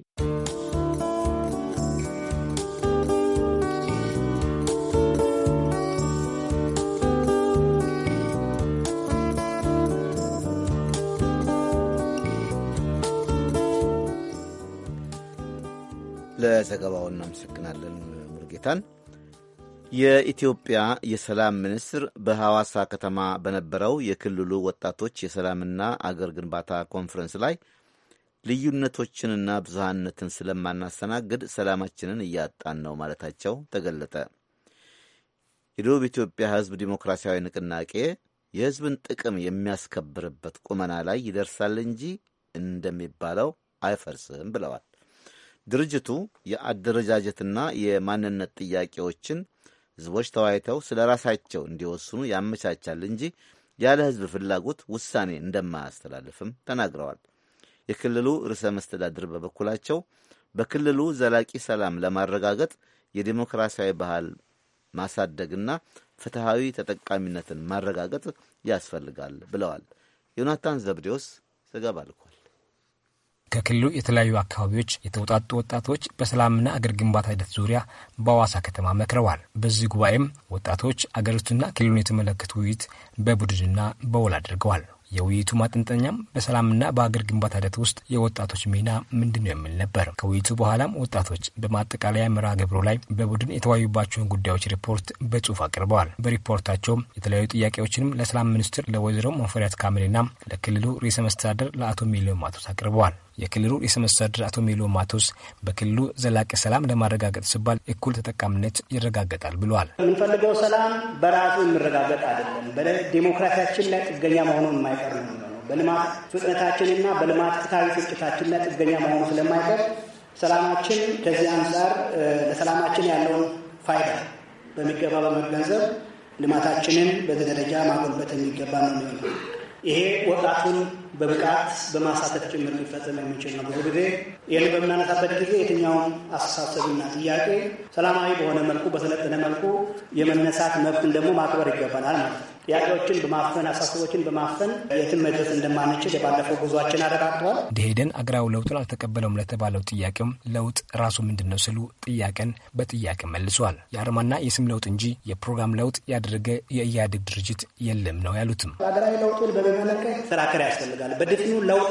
ለዘገባው እናመሰግናለን። ሙሉጌታን የኢትዮጵያ የሰላም ሚኒስትር በሐዋሳ ከተማ በነበረው የክልሉ ወጣቶች የሰላምና አገር ግንባታ ኮንፈረንስ ላይ ልዩነቶችንና ብዙሃንነትን ስለማናስተናግድ ሰላማችንን እያጣን ነው ማለታቸው ተገለጠ። የደቡብ ኢትዮጵያ ሕዝብ ዲሞክራሲያዊ ንቅናቄ የሕዝብን ጥቅም የሚያስከብርበት ቁመና ላይ ይደርሳል እንጂ እንደሚባለው አይፈርስም ብለዋል። ድርጅቱ የአደረጃጀትና የማንነት ጥያቄዎችን ህዝቦች ተወያይተው ስለ ራሳቸው እንዲወስኑ ያመቻቻል እንጂ ያለ ህዝብ ፍላጎት ውሳኔ እንደማያስተላልፍም ተናግረዋል። የክልሉ ርዕሰ መስተዳድር በበኩላቸው በክልሉ ዘላቂ ሰላም ለማረጋገጥ የዲሞክራሲያዊ ባህል ማሳደግና ፍትሐዊ ተጠቃሚነትን ማረጋገጥ ያስፈልጋል ብለዋል። ዮናታን ዘብዴዎስ ዘገባ ልኳል። ከክልሉ የተለያዩ አካባቢዎች የተውጣጡ ወጣቶች በሰላምና አገር ግንባታ ሂደት ዙሪያ በአዋሳ ከተማ መክረዋል። በዚህ ጉባኤም ወጣቶች አገሪቱና ክልሉን የተመለከቱ ውይይት በቡድንና በውል አድርገዋል። የውይይቱ ማጠንጠኛም በሰላምና በአገር ግንባታ ሂደት ውስጥ የወጣቶች ሚና ምንድን ነው የሚል ነበር። ከውይይቱ በኋላም ወጣቶች በማጠቃለያ መርሃ ግብሩ ላይ በቡድን የተወያዩባቸውን ጉዳዮች ሪፖርት በጽሁፍ አቅርበዋል። በሪፖርታቸውም የተለያዩ ጥያቄዎችንም ለሰላም ሚኒስትር ለወይዘሮ መፈሪያት ካሚልና ለክልሉ ርዕሰ መስተዳደር ለአቶ ሚሊዮን ማቶስ አቅርበዋል። የክልሉ ርዕሰ መስተዳድር አቶ ሚሊዮን ማቶስ በክልሉ ዘላቂ ሰላም ለማረጋገጥ ሲባል እኩል ተጠቃሚነት ይረጋገጣል ብለዋል። የምንፈልገው ሰላም በራሱ የሚረጋገጥ አይደለም። በዲሞክራሲያችን ላይ ጥገኛ መሆኑን የማይቀር ነው። በልማት ፍጥነታችንና በልማት ፍትሐዊ ስርጭታችን ላይ ጥገኛ መሆኑ ስለማይቀር ሰላማችን ከዚህ አንጻር ለሰላማችን ያለውን ፋይዳ በሚገባ በመገንዘብ ልማታችንን በዚህ ደረጃ ማጎልበት የሚገባ ነው የሚሆነው ይሄ ወጣቱን በብቃት በማሳተፍ ጭምር ሊፈጸም የሚችል ነው። ብዙ ጊዜ ይህን በምናነሳበት ጊዜ የትኛውም አስተሳሰብና ጥያቄ ሰላማዊ በሆነ መልኩ በሰለጠነ መልኩ የመነሳት መብትን ደግሞ ማክበር ይገባናል ማለት ነው። ጥያቄዎችን በማፈን አሳስቦችን በማፈን የትም መድረስ እንደማንችል የባለፈው ጉዟችን አረጋግጠዋል። ደኢህዴን አገራዊ ለውጡን አልተቀበለውም ለተባለው ጥያቄም ለውጥ ራሱ ምንድን ነው ስሉ ጥያቄን በጥያቄ መልሷል። የአርማና የስም ለውጥ እንጂ የፕሮግራም ለውጥ ያደረገ የኢህአዴግ ድርጅት የለም ነው ያሉትም። አገራዊ ለውጡን በመመለከት ስራክር ያስፈልጋል። በድፍኑ ለውጥ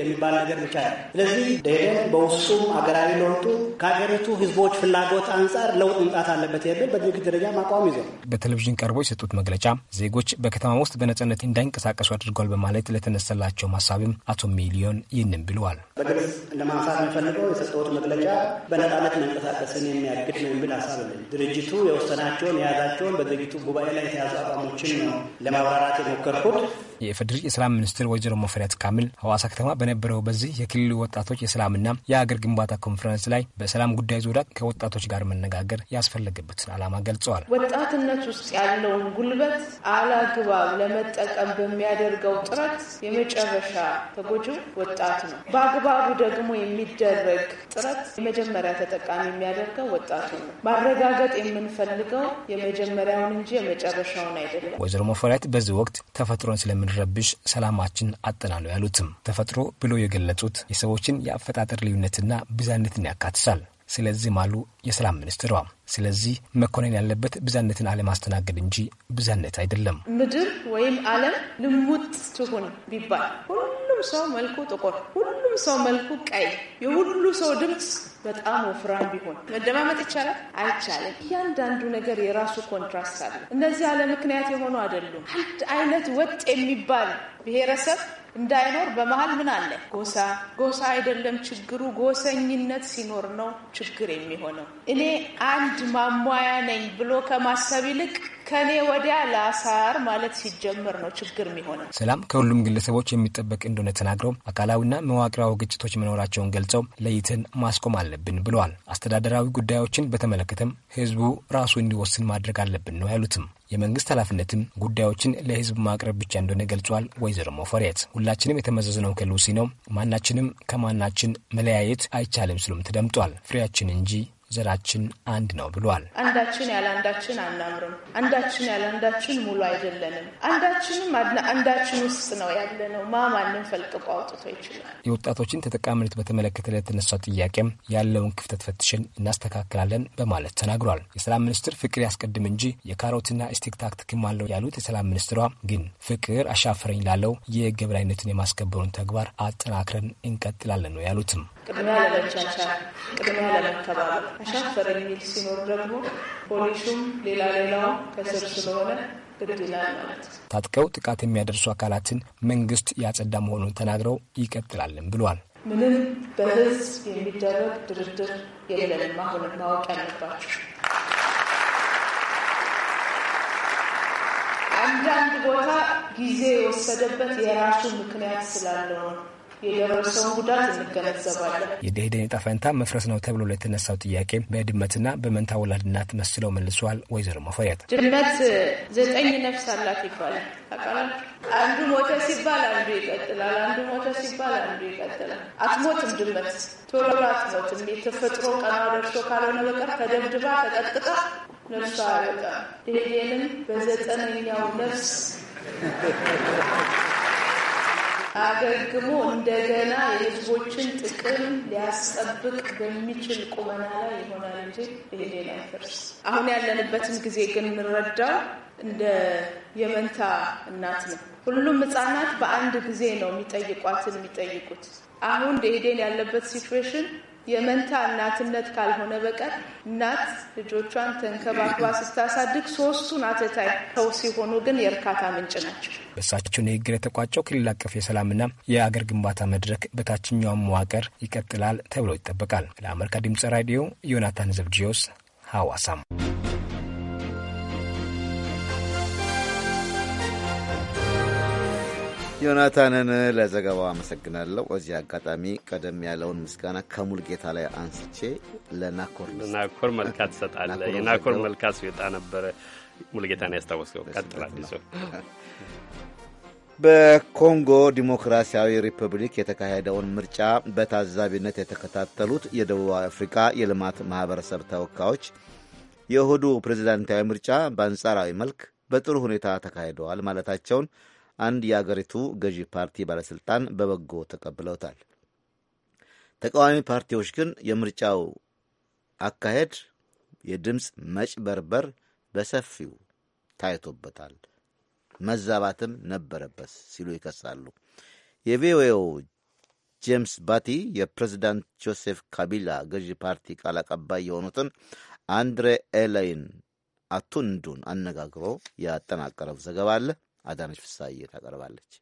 የሚባል ነገር ብቻ ስለዚህ ደኢህዴን በውስጡም ሀገራዊ ለውጡ ከሀገሪቱ ህዝቦች ፍላጎት አንጻር ለውጥ መምጣት አለበት የሚል በድርጅት ደረጃ ማቋም ይዘው በቴሌቪዥን ቀርቦ የሰጡት መግለጫ ዜጎች በከተማ ውስጥ በነጻነት እንዳይንቀሳቀሱ አድርጓል በማለት ለተነሰላቸው ሀሳብም አቶ ሚሊዮን ይህንም ብለዋል። በግልጽ ለማንሳት የሚፈልገው የሰጠሁት መግለጫ በነጻነት መንቀሳቀስን የሚያግድ ነው የሚል ሀሳብ ድርጅቱ የወሰናቸውን የያዛቸውን በድርጅቱ ጉባኤ ላይ የተያዙ አቋሞችን ነው ለማብራራት የሞከርኩት። የኢፌዴሪ የሰላም ሚኒስትር ወይዘሮ ሙፈሪያት ካሚል ሐዋሳ ከተማ በነበረው በዚህ የክልሉ ወጣቶች የሰላምና የአገር ግንባታ ኮንፈረንስ ላይ በሰላም ጉዳይ ዙሪያ ከወጣቶች ጋር መነጋገር ያስፈለገበትን ዓላማ ገልጸዋል። ወጣትነት ውስጥ ያለውን ጉልበት አላግባብ ለመጠቀም በሚያደርገው ጥረት የመጨረሻ ተጎጂው ወጣት ነው። በአግባቡ ደግሞ የሚደረግ ጥረት የመጀመሪያ ተጠቃሚ የሚያደርገው ወጣቱ ነው። ማረጋገጥ የምንፈልገው የመጀመሪያውን እንጂ የመጨረሻውን አይደለም። ወይዘሮ መፈሪያት በዚህ ወቅት ተፈጥሮን ስለምንረብሽ ሰላማችን አጠናሉ ያሉትም ተፈጥሮ ብሎ የገለጹት የሰዎችን የአፈጣጠር ልዩነትና ብዛነትን ያካትታል። ስለዚህም አሉ የሰላም ሚኒስትሯ ስለዚህ መኮነን ያለበት ብዛነትን አለማስተናገድ እንጂ ብዛነት አይደለም። ምድር ወይም ዓለም ልሙጥ ትሁን ቢባል ሁሉም ሰው መልኩ ጥቁር፣ ሁሉም ሰው መልኩ ቀይ፣ የሁሉ ሰው ድምፅ በጣም ወፍራም ቢሆን መደማመጥ ይቻላል? አይቻልም። እያንዳንዱ ነገር የራሱ ኮንትራስት አለ። እነዚህ አለ ምክንያት የሆኑ አይደሉም። አንድ አይነት ወጥ የሚባል ብሔረሰብ እንዳይኖር በመሀል ምን አለ? ጎሳ። ጎሳ አይደለም ችግሩ፣ ጎሰኝነት ሲኖር ነው ችግር የሚሆነው። እኔ አንድ ማሟያ ነኝ ብሎ ከማሰብ ይልቅ ከኔ ወዲያ ለአሳር ማለት ሲጀምር ነው ችግር የሚሆነው። ሰላም ከሁሉም ግለሰቦች የሚጠበቅ እንደሆነ ተናግረው አካላዊና መዋቅራዊ ግጭቶች መኖራቸውን ገልጸው ለይተን ማስቆም አለብን ብለዋል። አስተዳደራዊ ጉዳዮችን በተመለከተም ህዝቡ ራሱ እንዲወስን ማድረግ አለብን ነው ያሉትም። የመንግስት ኃላፊነትም ጉዳዮችን ለህዝብ ማቅረብ ብቻ እንደሆነ ገልጿል። ወይዘሮ ሞፈሬት ሁላችንም የተመዘዝነው ከሉሲ ነው፣ ማናችንም ከማናችን መለያየት አይቻልም ስሉም ተደምጧል። ፍሬያችን እንጂ ዘራችን አንድ ነው ብሏል። አንዳችን ያለ አንዳችን አናምርም። አንዳችን ያለ አንዳችን ሙሉ አይደለንም። አንዳችንም አንዳችን ውስጥ ነው ያለ ነው። ማንም ፈልቅቆ አውጥቶ ይችላል። የወጣቶችን ተጠቃሚነት በተመለከተ ለተነሳው ጥያቄም ያለውን ክፍተት ፈትሽን እናስተካክላለን በማለት ተናግሯል። የሰላም ሚኒስትር ፍቅር ያስቀድም እንጂ የካሮትና ስቲክ ታክቲክም አለው ያሉት የሰላም ሚኒስትሯ ግን ፍቅር አሻፈረኝ ላለው የግብር አይነትን የማስከበሩን ተግባር አጠናክረን እንቀጥላለን ነው ያሉትም ቅድሚያ ለመቻቻል፣ ቅድሚያ ለመከባበር አሻፈረ የሚል ሲኖር ደግሞ ፖሊሱም ሌላ ሌላውም ከስር ስለሆነ ታጥቀው ጥቃት የሚያደርሱ አካላትን መንግስት ያጸዳ መሆኑን ተናግረው ይቀጥላልን ብሏል። ምንም በህዝብ የሚደረግ ድርድር የለንም። አሁንም ማወቅ ያለባቸው አንዳንድ ቦታ ጊዜ የወሰደበት የራሱ ምክንያት ስላለው ነው። የደረሰውን ጉዳት እንገነዘባለን። የደሄደን ዕጣ ፈንታ መፍረስ ነው ተብሎ ለተነሳው ጥያቄ በድመትና በመንታ ወላድናት መስለው መልሰዋል ወይዘሮ መፈያት። ድመት ዘጠኝ ነፍስ አላት ይባላል አንዱ ሞተ ሲባል አንዱ ይቀጥላል፣ አንዱ ሞተ ሲባል አንዱ ይቀጥላል። አትሞትም ድመት ቶሎ አትሞትም። የተፈጥሮ ቀና ደርሶ ካልሆነ በቀር ተደብድባ ተቀጥቅጣ ነፍሷ አይወጣም። ደሄደንም በዘጠነኛው ነፍስ አገግሞ እንደገና የህዝቦችን ጥቅም ሊያስጠብቅ በሚችል ቁመና ላይ ይሆናል እንጂ በሄዴን አይፈርስ። አሁን ያለንበትን ጊዜ ግን የምንረዳው እንደ የመንታ እናት ነው። ሁሉም ህጻናት በአንድ ጊዜ ነው የሚጠይቋትን የሚጠይቁት። አሁን ደሄደን ያለበት ሲትዌሽን የመንታ እናትነት ካልሆነ በቀር እናት ልጆቿን ተንከባክባ ስታሳድግ ሶስቱን አተታይ ሰው ሲሆኑ ግን የእርካታ ምንጭ ናቸው። በእሳቸው ንግግር የተቋጨው ክልል አቀፍ የሰላምና የአገር ግንባታ መድረክ በታችኛውም መዋቅር ይቀጥላል ተብሎ ይጠበቃል። ለአሜሪካ ድምጽ ራዲዮ ዮናታን ዘብጂዮስ ሐዋሳም ዮናታንን ለዘገባው አመሰግናለሁ። በዚህ አጋጣሚ ቀደም ያለውን ምስጋና ከሙልጌታ ላይ አንስቼ ለናኮር መልካ ትሰጣለ የናኮር መልካ ሲወጣ ነበረ ሙልጌታን ያስታወስከው ቀጥላል። በኮንጎ ዲሞክራሲያዊ ሪፐብሊክ የተካሄደውን ምርጫ በታዛቢነት የተከታተሉት የደቡብ አፍሪካ የልማት ማህበረሰብ ተወካዮች የእሁዱ ፕሬዚዳንታዊ ምርጫ በአንጻራዊ መልክ በጥሩ ሁኔታ ተካሂደዋል ማለታቸውን አንድ የአገሪቱ ገዢ ፓርቲ ባለሥልጣን በበጎ ተቀብለውታል። ተቃዋሚ ፓርቲዎች ግን የምርጫው አካሄድ የድምፅ መጭበርበር በሰፊው ታይቶበታል፣ መዛባትም ነበረበት ሲሉ ይከሳሉ። የቪኦኤው ጄምስ ባቲ የፕሬዚዳንት ጆሴፍ ካቢላ ገዢ ፓርቲ ቃል አቀባይ የሆኑትን አንድሬ ኤላይን አቱንዱን አነጋግሮ ያጠናቀረው ዘገባ አለ አዳነች ፍሳዬ ታቀርባለች።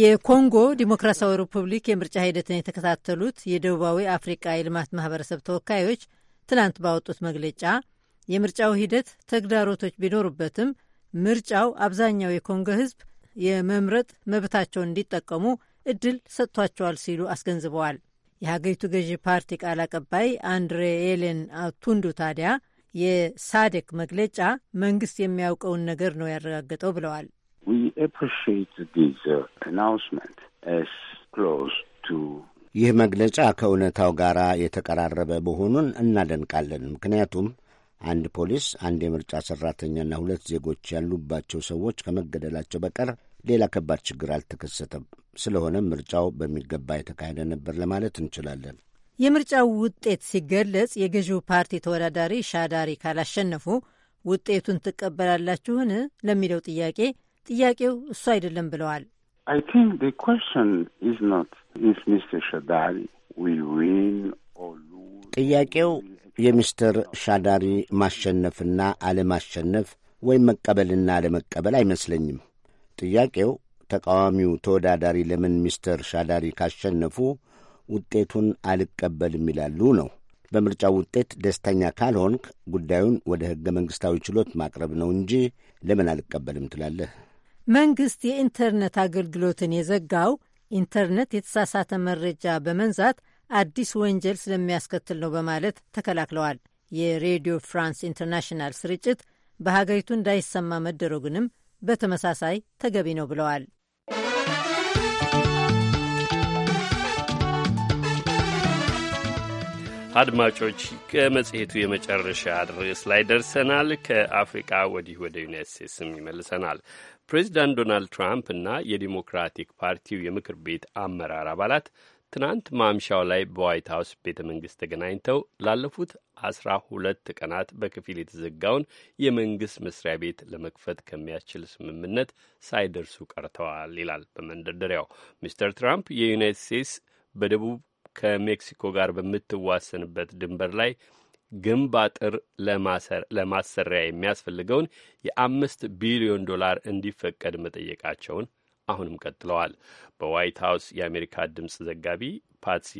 የኮንጎ ዲሞክራሲያዊ ሪፑብሊክ የምርጫ ሂደትን የተከታተሉት የደቡባዊ አፍሪቃ የልማት ማህበረሰብ ተወካዮች ትላንት ባወጡት መግለጫ የምርጫው ሂደት ተግዳሮቶች ቢኖሩበትም ምርጫው አብዛኛው የኮንጎ ሕዝብ የመምረጥ መብታቸውን እንዲጠቀሙ እድል ሰጥቷቸዋል ሲሉ አስገንዝበዋል። የሀገሪቱ ገዢ ፓርቲ ቃል አቀባይ አንድሬ ኤሌን አቱንዱ ታዲያ የሳዴክ መግለጫ መንግስት የሚያውቀውን ነገር ነው ያረጋገጠው ብለዋል። uh, ይህ መግለጫ ከእውነታው ጋር የተቀራረበ መሆኑን እናደንቃለን። ምክንያቱም አንድ ፖሊስ፣ አንድ የምርጫ ሠራተኛና ሁለት ዜጎች ያሉባቸው ሰዎች ከመገደላቸው በቀር ሌላ ከባድ ችግር አልተከሰተም። ስለሆነም ምርጫው በሚገባ የተካሄደ ነበር ለማለት እንችላለን። የምርጫው ውጤት ሲገለጽ የገዢው ፓርቲ ተወዳዳሪ ሻዳሪ ካላሸነፉ ውጤቱን ትቀበላላችሁን ለሚለው ጥያቄ ጥያቄው እሱ አይደለም ብለዋል። ጥያቄው የሚስተር ሻዳሪ ማሸነፍና አለማሸነፍ ወይም መቀበልና አለመቀበል አይመስለኝም። ጥያቄው ተቃዋሚው ተወዳዳሪ ለምን ሚስተር ሻዳሪ ካሸነፉ ውጤቱን አልቀበልም ይላሉ ነው። በምርጫው ውጤት ደስተኛ ካልሆንክ ጉዳዩን ወደ ሕገ መንግሥታዊ ችሎት ማቅረብ ነው እንጂ ለምን አልቀበልም ትላለህ? መንግሥት የኢንተርኔት አገልግሎትን የዘጋው ኢንተርኔት የተሳሳተ መረጃ በመንዛት አዲስ ወንጀል ስለሚያስከትል ነው በማለት ተከላክለዋል። የሬዲዮ ፍራንስ ኢንተርናሽናል ስርጭት በሀገሪቱ እንዳይሰማ መደረጉንም በተመሳሳይ ተገቢ ነው ብለዋል። አድማጮች ከመጽሔቱ የመጨረሻ ርዕስ ላይ ደርሰናል። ከአፍሪቃ ወዲህ ወደ ዩናይት ስቴትስም ይመልሰናል። ፕሬዚዳንት ዶናልድ ትራምፕ እና የዲሞክራቲክ ፓርቲው የምክር ቤት አመራር አባላት ትናንት ማምሻው ላይ በዋይት ሀውስ ቤተ መንግስት ተገናኝተው ላለፉት አስራ ሁለት ቀናት በከፊል የተዘጋውን የመንግስት መስሪያ ቤት ለመክፈት ከሚያስችል ስምምነት ሳይደርሱ ቀርተዋል ይላል በመንደርደሪያው። ሚስተር ትራምፕ የዩናይት ስቴትስ በደቡብ ከሜክሲኮ ጋር በምትዋሰንበት ድንበር ላይ ግንብ አጥር ለማሰሪያ የሚያስፈልገውን የአምስት ቢሊዮን ዶላር እንዲፈቀድ መጠየቃቸውን አሁንም ቀጥለዋል። በዋይት ሀውስ የአሜሪካ ድምፅ ዘጋቢ ፓትሲ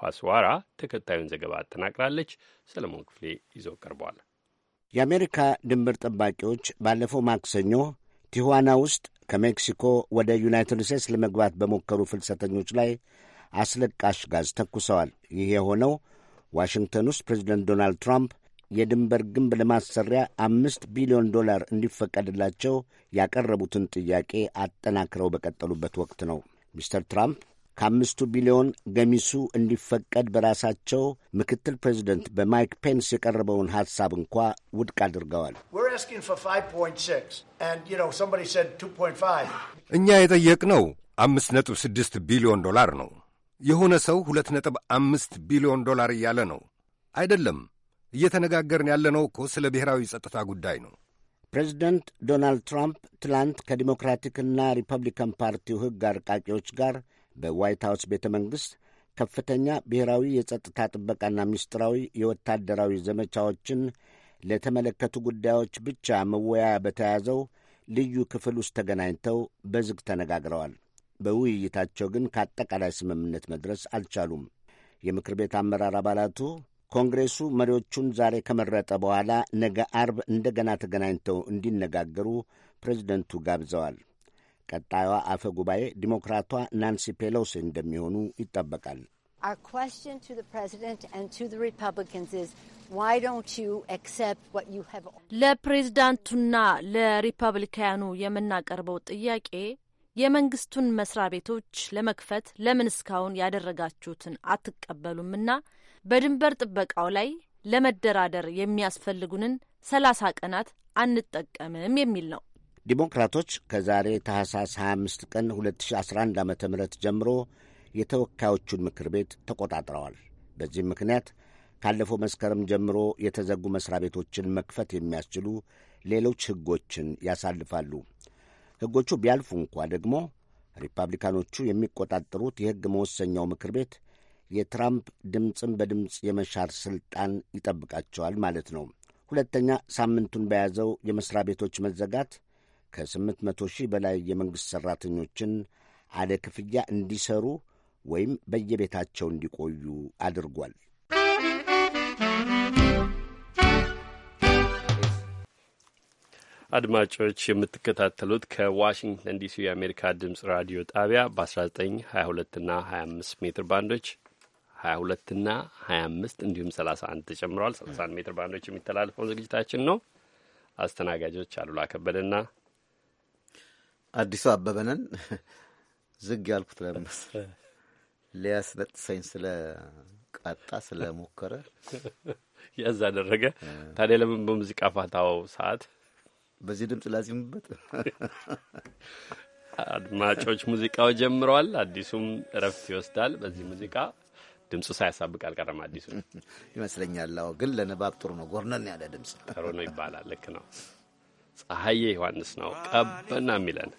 ኳስዋራ ተከታዩን ዘገባ አጠናቅራለች። ሰለሞን ክፍሌ ይዞ ቀርቧል። የአሜሪካ ድንበር ጠባቂዎች ባለፈው ማክሰኞ ቲዋና ውስጥ ከሜክሲኮ ወደ ዩናይትድ ስቴትስ ለመግባት በሞከሩ ፍልሰተኞች ላይ አስለቃሽ ጋዝ ተኩሰዋል። ይህ የሆነው ዋሽንግተን ውስጥ ፕሬዚደንት ዶናልድ ትራምፕ የድንበር ግንብ ለማሰሪያ አምስት ቢሊዮን ዶላር እንዲፈቀድላቸው ያቀረቡትን ጥያቄ አጠናክረው በቀጠሉበት ወቅት ነው። ሚስተር ትራምፕ ከአምስቱ ቢሊዮን ገሚሱ እንዲፈቀድ በራሳቸው ምክትል ፕሬዚደንት በማይክ ፔንስ የቀረበውን ሐሳብ እንኳ ውድቅ አድርገዋል። እኛ የጠየቅነው አምስት ነጥብ ስድስት ቢሊዮን ዶላር ነው የሆነ ሰው ሁለት ነጥብ አምስት ቢሊዮን ዶላር እያለ ነው። አይደለም፣ እየተነጋገርን ያለነው እኮ ስለ ብሔራዊ ጸጥታ ጉዳይ ነው። ፕሬዚደንት ዶናልድ ትራምፕ ትላንት ከዲሞክራቲክና ሪፐብሊካን ፓርቲው ሕግ አርቃቂዎች ጋር በዋይት ሀውስ ቤተ መንግሥት ከፍተኛ ብሔራዊ የጸጥታ ጥበቃና ምስጢራዊ የወታደራዊ ዘመቻዎችን ለተመለከቱ ጉዳዮች ብቻ መወያያ በተያዘው ልዩ ክፍል ውስጥ ተገናኝተው በዝግ ተነጋግረዋል። በውይይታቸው ግን ከአጠቃላይ ስምምነት መድረስ አልቻሉም። የምክር ቤት አመራር አባላቱ ኮንግሬሱ መሪዎቹን ዛሬ ከመረጠ በኋላ ነገ አርብ እንደገና ተገናኝተው እንዲነጋገሩ ፕሬዚደንቱ ጋብዘዋል። ቀጣዩዋ አፈ ጉባኤ ዲሞክራቷ ናንሲ ፔሎሲ እንደሚሆኑ ይጠበቃል። ለፕሬዝዳንቱና ለሪፐብሊካኑ የምናቀርበው ጥያቄ የመንግስቱን መስሪያ ቤቶች ለመክፈት ለምን እስካሁን ያደረጋችሁትን አትቀበሉምና በድንበር ጥበቃው ላይ ለመደራደር የሚያስፈልጉንን ሰላሳ ቀናት አንጠቀምም የሚል ነው። ዲሞክራቶች ከዛሬ ታህሳስ 25 ቀን 2011 ዓ ም ጀምሮ የተወካዮቹን ምክር ቤት ተቆጣጥረዋል። በዚህም ምክንያት ካለፈው መስከረም ጀምሮ የተዘጉ መሥሪያ ቤቶችን መክፈት የሚያስችሉ ሌሎች ሕጎችን ያሳልፋሉ። ሕጎቹ ቢያልፉ እንኳ ደግሞ ሪፐብሊካኖቹ የሚቆጣጠሩት የሕግ መወሰኛው ምክር ቤት የትራምፕ ድምፅን በድምፅ የመሻር ሥልጣን ይጠብቃቸዋል ማለት ነው። ሁለተኛ ሳምንቱን በያዘው የመሥሪያ ቤቶች መዘጋት ከስምንት መቶ ሺህ በላይ የመንግሥት ሠራተኞችን አለ ክፍያ እንዲሰሩ ወይም በየቤታቸው እንዲቆዩ አድርጓል። አድማጮች የምትከታተሉት ከዋሽንግተን ዲሲ የአሜሪካ ድምጽ ራዲዮ ጣቢያ በ1922 እና 25 ሜትር ባንዶች 22 እና 25 እንዲሁም 31 ተጨምረዋል 30 ሜትር ባንዶች የሚተላለፈው ዝግጅታችን ነው። አስተናጋጆች አሉላ ከበደና አዲሱ አበበነን ዝግ ያልኩት ለምስ ሊያስነጥሰኝ ስለ ቃጣ ስለ ሞከረ ያዝ አደረገ። ታዲያ ለምን በሙዚቃ ፋታው ሰዓት በዚህ ድምፅ ላዚሙበት። አድማጮች ሙዚቃው ጀምረዋል። አዲሱም እረፍት ይወስዳል። በዚህ ሙዚቃ ድምፁ ሳያሳብቅ አልቀረም። አዲሱ ይመስለኛል። አዎ፣ ግን ለንባብ ጥሩ ነው። ጎርነን ያለ ድምፅ ጥሩ ነው ይባላል። ልክ ነው። ፀሐዬ ዮሐንስ ነው ቀበና የሚለን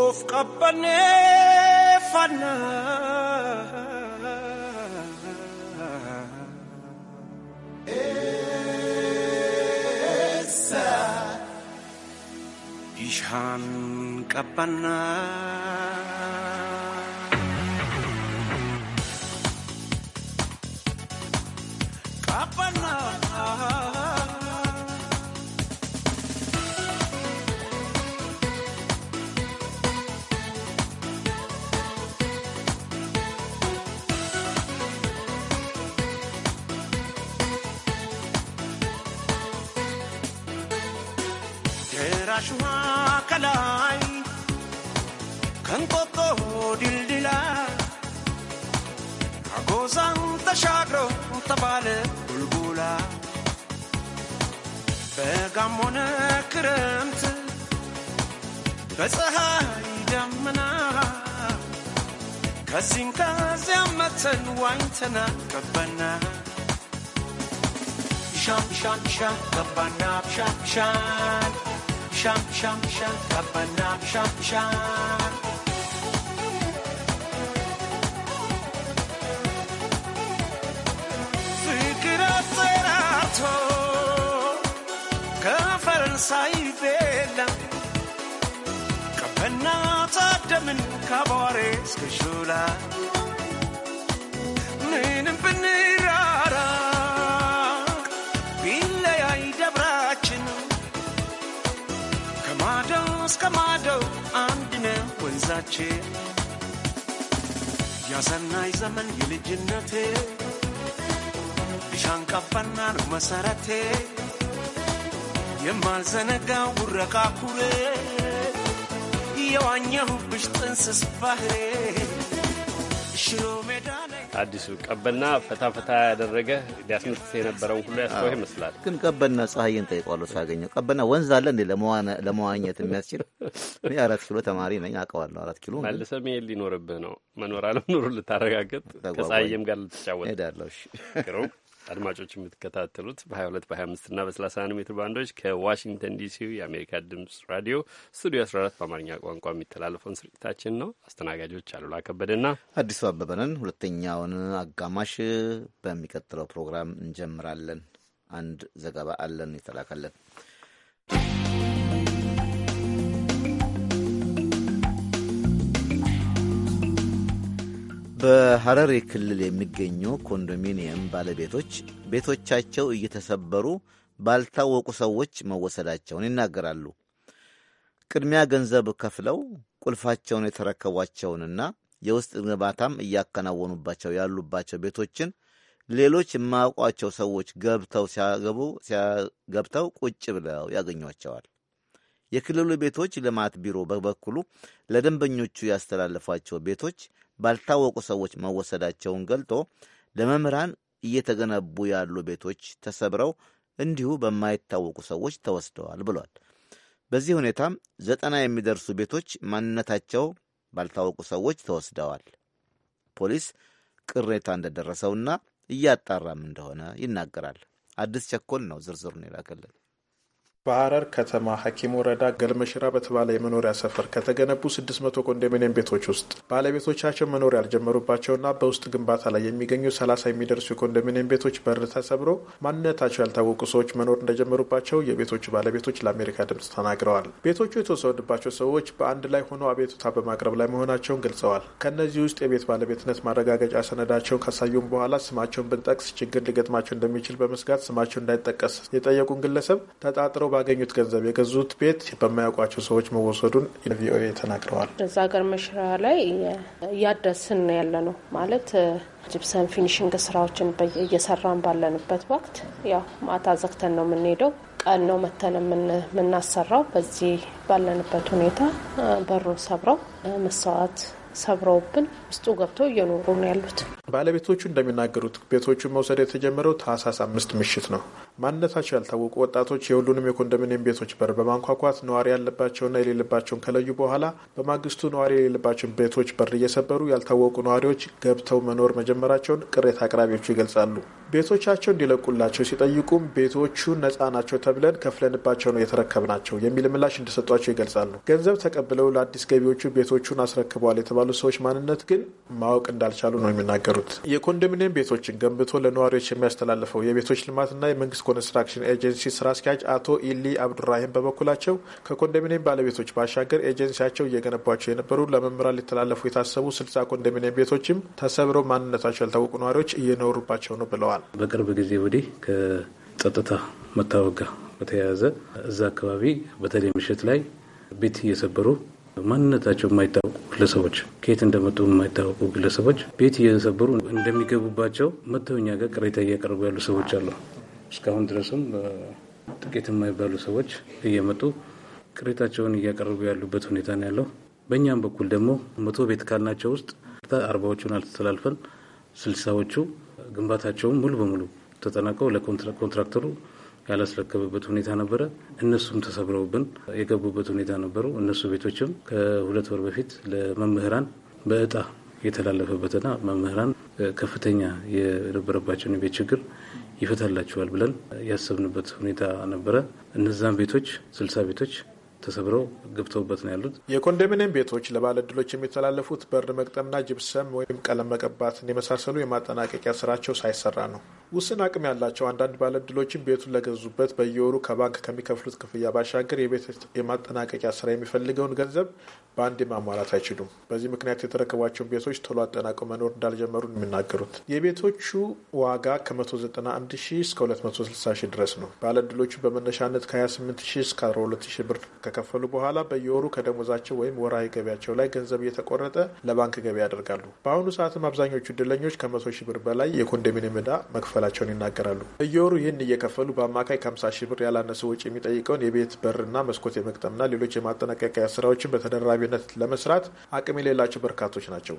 ኦፍ ቀበኔ ፋና Kan kapanah ከላይ ከንቆቆ ድልድላ አጎዛን ተሻግሮ ተባለ ቡልቡላ በጋም ሆነ ክረምት በፀሐይ ደመና ከዚህም ከዚያም መተን ዋኝተና ገባና ሻ ሻ ሻን ገባና ሻን ሻን chomp, chomp, chomp, up and up, chomp, chomp. Fikra to, kafar sai bela, demin kabare skishula. Nenem penem. እስከ ማዶው አንድ ነው ወንዛችን ያሰናይ ዘመን የልጅነቴ ሻንቃባና ነው መሰረቴ የማልዘነጋው ጉረቃ ኩሬ የዋኘሁብሽ ጥንስስ ባህሬ ሽሮ ሜዳ አዲሱ ቀበና ፈታ ፈታ ያደረገ ሊያስነስ የነበረውን ሁሉ ያስበው ይመስላል። ግን ቀበና ፀሐይን ጠይቋሉ ሳገኘው ቀበና ወንዝ አለ እንዴ ለመዋኘት የሚያስችል? እኔ አራት ኪሎ ተማሪ ነኝ አውቀዋለሁ። አራት ኪሎ መልሰህ መሄድ ሊኖርብህ ነው። መኖር አለመኖሩ ልታረጋገጥ ከፀሐይም ጋር ልትጫወት ሄዳለሁ። አድማጮች የምትከታተሉት በ22 በ25 እና በ31 ሜትር ባንዶች ከዋሽንግተን ዲሲ የአሜሪካ ድምጽ ራዲዮ ስቱዲዮ 14 በአማርኛ ቋንቋ የሚተላለፈውን ስርጭታችን ነው። አስተናጋጆች አሉላ ከበደና አዲሱ አበበነን። ሁለተኛውን አጋማሽ በሚቀጥለው ፕሮግራም እንጀምራለን። አንድ ዘገባ አለን የተላከለን በሐረሪ ክልል የሚገኙ ኮንዶሚኒየም ባለቤቶች ቤቶቻቸው እየተሰበሩ ባልታወቁ ሰዎች መወሰዳቸውን ይናገራሉ። ቅድሚያ ገንዘብ ከፍለው ቁልፋቸውን የተረከቧቸውንና የውስጥ ግንባታም እያከናወኑባቸው ያሉባቸው ቤቶችን ሌሎች የማያውቋቸው ሰዎች ገብተው ሲያገቡ ገብተው ቁጭ ብለው ያገኟቸዋል። የክልሉ ቤቶች ልማት ቢሮ በበኩሉ ለደንበኞቹ ያስተላለፏቸው ቤቶች ባልታወቁ ሰዎች መወሰዳቸውን ገልጦ ለመምህራን እየተገነቡ ያሉ ቤቶች ተሰብረው እንዲሁ በማይታወቁ ሰዎች ተወስደዋል ብሏል። በዚህ ሁኔታም ዘጠና የሚደርሱ ቤቶች ማንነታቸው ባልታወቁ ሰዎች ተወስደዋል። ፖሊስ ቅሬታ እንደደረሰውና እያጣራም እንደሆነ ይናገራል። አዲስ ቸኮል ነው ዝርዝሩን የላከልን። በሐረር ከተማ ሐኪም ወረዳ ገልመሽራ በተባለ የመኖሪያ ሰፈር ከተገነቡ 600 ኮንዶሚኒየም ቤቶች ውስጥ ባለቤቶቻቸው መኖር ያልጀመሩባቸውና በውስጥ ግንባታ ላይ የሚገኙ 30 የሚደርሱ የኮንዶሚኒየም ቤቶች በር ተሰብሮ ማንነታቸው ያልታወቁ ሰዎች መኖር እንደጀመሩባቸው የቤቶቹ ባለቤቶች ለአሜሪካ ድምፅ ተናግረዋል። ቤቶቹ የተወሰዱባቸው ሰዎች በአንድ ላይ ሆነው አቤቱታ በማቅረብ ላይ መሆናቸውን ገልጸዋል። ከእነዚህ ውስጥ የቤት ባለቤትነት ማረጋገጫ ሰነዳቸውን ካሳዩም በኋላ ስማቸውን ብንጠቅስ ችግር ሊገጥማቸው እንደሚችል በመስጋት ስማቸው እንዳይጠቀስ የጠየቁን ግለሰብ ተጣጥረው ባገኙት ገንዘብ የገዙት ቤት በማያውቋቸው ሰዎች መወሰዱን ቪኦኤ ተናግረዋል። እዛ ሀገር መሽራ ላይ እያደስን ያለ ነው ማለት ጅብሰን ፊኒሽንግ ስራዎችን እየሰራን ባለንበት ወቅት ያው ማታ ዘግተን ነው የምንሄደው። ቀን ነው መተን የምናሰራው። በዚህ ባለንበት ሁኔታ በሩን ሰብረው መስዋዕት ሰብረውብን ውስጡ ገብተው እየኖሩ ነው ያሉት። ባለቤቶቹ እንደሚናገሩት ቤቶቹን መውሰድ የተጀመረው ታህሳስ አምስት ምሽት ነው። ማንነታቸው ያልታወቁ ወጣቶች የሁሉንም የኮንዶሚኒየም ቤቶች በር በማንኳኳት ነዋሪ ያለባቸውና የሌለባቸውን ከለዩ በኋላ በማግስቱ ነዋሪ የሌለባቸውን ቤቶች በር እየሰበሩ ያልታወቁ ነዋሪዎች ገብተው መኖር መጀመራቸውን ቅሬታ አቅራቢዎቹ ይገልጻሉ። ቤቶቻቸው እንዲለቁላቸው ሲጠይቁም ቤቶቹ ነፃ ናቸው ተብለን ከፍለንባቸው ነው የተረከብናቸው የሚል ምላሽ እንደሰጧቸው ይገልጻሉ። ገንዘብ ተቀብለው ለአዲስ ገቢዎቹ ቤቶቹን አስረክበዋል የተባ የተባሉ ሰዎች ማንነት ግን ማወቅ እንዳልቻሉ ነው የሚናገሩት። የኮንዶሚኒየም ቤቶችን ገንብቶ ለነዋሪዎች የሚያስተላልፈው የቤቶች ልማትና የመንግስት ኮንስትራክሽን ኤጀንሲ ስራ አስኪያጅ አቶ ኢሊ አብዱራሂም በበኩላቸው ከኮንዶሚኒየም ባለቤቶች ባሻገር ኤጀንሲያቸው እየገነባቸው የነበሩ ለመምህራን ሊተላለፉ የታሰቡ ስልሳ ኮንዶሚኒየም ቤቶችም ተሰብረው ማንነታቸው ያልታወቁ ነዋሪዎች እየኖሩባቸው ነው ብለዋል። በቅርብ ጊዜ ወዲህ ከጸጥታ መታወቅ ጋር በተያያዘ እዛ አካባቢ በተለይ ምሽት ላይ ቤት እየሰበሩ ማንነታቸው የማይታወቁ ግለሰቦች ከየት እንደመጡ የማይታወቁ ግለሰቦች ቤት እየሰበሩ እንደሚገቡባቸው መጥተው እኛ ጋር ቅሬታ እያቀረቡ ያሉ ሰዎች አሉ። እስካሁን ድረስም ጥቂት የማይባሉ ሰዎች እየመጡ ቅሬታቸውን እያቀረቡ ያሉበት ሁኔታ ነው ያለው። በእኛም በኩል ደግሞ መቶ ቤት ካልናቸው ውስጥ አርባዎቹን አልተተላልፈን ስልሳዎቹ ግንባታቸውን ሙሉ በሙሉ ተጠናቀው ለኮንትራክተሩ ያላስረከበበት ሁኔታ ነበረ። እነሱም ተሰብረውብን የገቡበት ሁኔታ ነበሩ። እነሱ ቤቶችም ከሁለት ወር በፊት ለመምህራን በእጣ የተላለፈበትና መምህራን ከፍተኛ የነበረባቸውን የቤት ችግር ይፈታላቸዋል ብለን ያሰብንበት ሁኔታ ነበረ። እነዛን ቤቶች ስልሳ ቤቶች ተሰብረው ገብተውበት ነው ያሉት። የኮንዶሚኒየም ቤቶች ለባለድሎች የሚተላለፉት በር መቅጠምና ጅብሰም ወይም ቀለም መቀባትን የመሳሰሉ የማጠናቀቂያ ስራቸው ሳይሰራ ነው። ውስን አቅም ያላቸው አንዳንድ ባለድሎችን ቤቱን ለገዙበት በየወሩ ከባንክ ከሚከፍሉት ክፍያ ባሻገር የቤት የማጠናቀቂያ ስራ የሚፈልገውን ገንዘብ በአንድ ማሟላት አይችሉም። በዚህ ምክንያት የተረከቧቸውን ቤቶች ቶሎ አጠናቀው መኖር እንዳልጀመሩ የሚናገሩት የቤቶቹ ዋጋ ከ191 ሺ እስከ 260 ድረስ ነው። ባለድሎቹ በመነሻነት ከ28 እስከ 42 ብር ከተከፈሉ በኋላ በየወሩ ከደሞዛቸው ወይም ወራዊ ገቢያቸው ላይ ገንዘብ እየተቆረጠ ለባንክ ገቢ ያደርጋሉ። በአሁኑ ሰዓትም አብዛኞቹ እድለኞች ከመቶ ሺህ ብር በላይ የኮንዶሚኒየም ዕዳ መክፈላቸውን ይናገራሉ። በየወሩ ይህን እየከፈሉ በአማካይ ከሀምሳ ሺህ ብር ያላነሰ ወጪ የሚጠይቀውን የቤት በርና መስኮት የመግጠምና ሌሎች የማጠናቀቂያ ስራዎችን በተደራቢነት ለመስራት አቅም የሌላቸው በርካቶች ናቸው።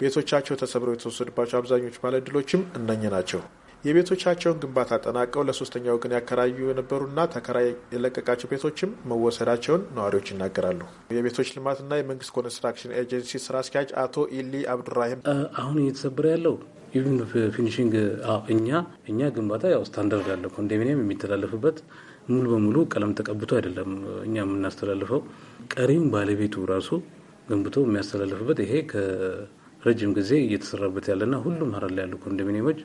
ቤቶቻቸው ተሰብረው የተወሰዱባቸው አብዛኞቹ ባለዕድሎችም እነኝ ናቸው። የቤቶቻቸውን ግንባታ አጠናቀው ለሶስተኛ ወገን ያከራዩ የነበሩና ተከራይ የለቀቃቸው ቤቶችም መወሰዳቸውን ነዋሪዎች ይናገራሉ። የቤቶች ልማትና የመንግስት ኮንስትራክሽን ኤጀንሲ ስራ አስኪያጅ አቶ ኢሊ አብዱራሂም አሁን እየተሰበረ ያለው ኢቭን ፊኒሽንግ እኛ እኛ ግንባታ ያው ስታንዳርድ አለ ኮንዶሚኒየም የሚተላለፍበት ሙሉ በሙሉ ቀለም ተቀብቶ አይደለም እኛ የምናስተላልፈው ቀሪም ባለቤቱ ራሱ ገንብቶ የሚያስተላልፍበት ይሄ ከረጅም ጊዜ እየተሰራበት ያለና ሁሉም ሀረር ላይ ያሉ ኮንዶሚኒየሞች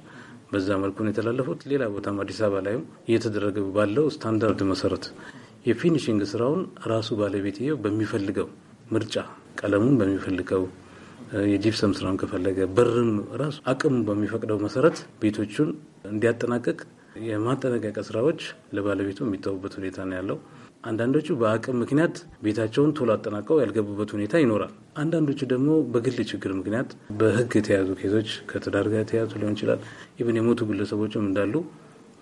በዛ መልኩ ነው የተላለፉት። ሌላ ቦታም አዲስ አበባ ላይም እየተደረገ ባለው ስታንዳርድ መሰረት የፊኒሽንግ ስራውን ራሱ ባለቤትየው በሚፈልገው ምርጫ ቀለሙን በሚፈልገው የጂፕሰም ስራውን ከፈለገ በርም ራሱ አቅሙ በሚፈቅደው መሰረት ቤቶቹን እንዲያጠናቀቅ የማጠናቀቂያ ስራዎች ለባለቤቱ የሚተዉበት ሁኔታ ነው ያለው። አንዳንዶቹ በአቅም ምክንያት ቤታቸውን ቶሎ አጠናቀው ያልገቡበት ሁኔታ ይኖራል። አንዳንዶቹ ደግሞ በግል ችግር ምክንያት በህግ የተያዙ ኬዞች ከትዳር ጋር የተያዙ ሊሆን ይችላል። ኢብን የሞቱ ግለሰቦችም እንዳሉ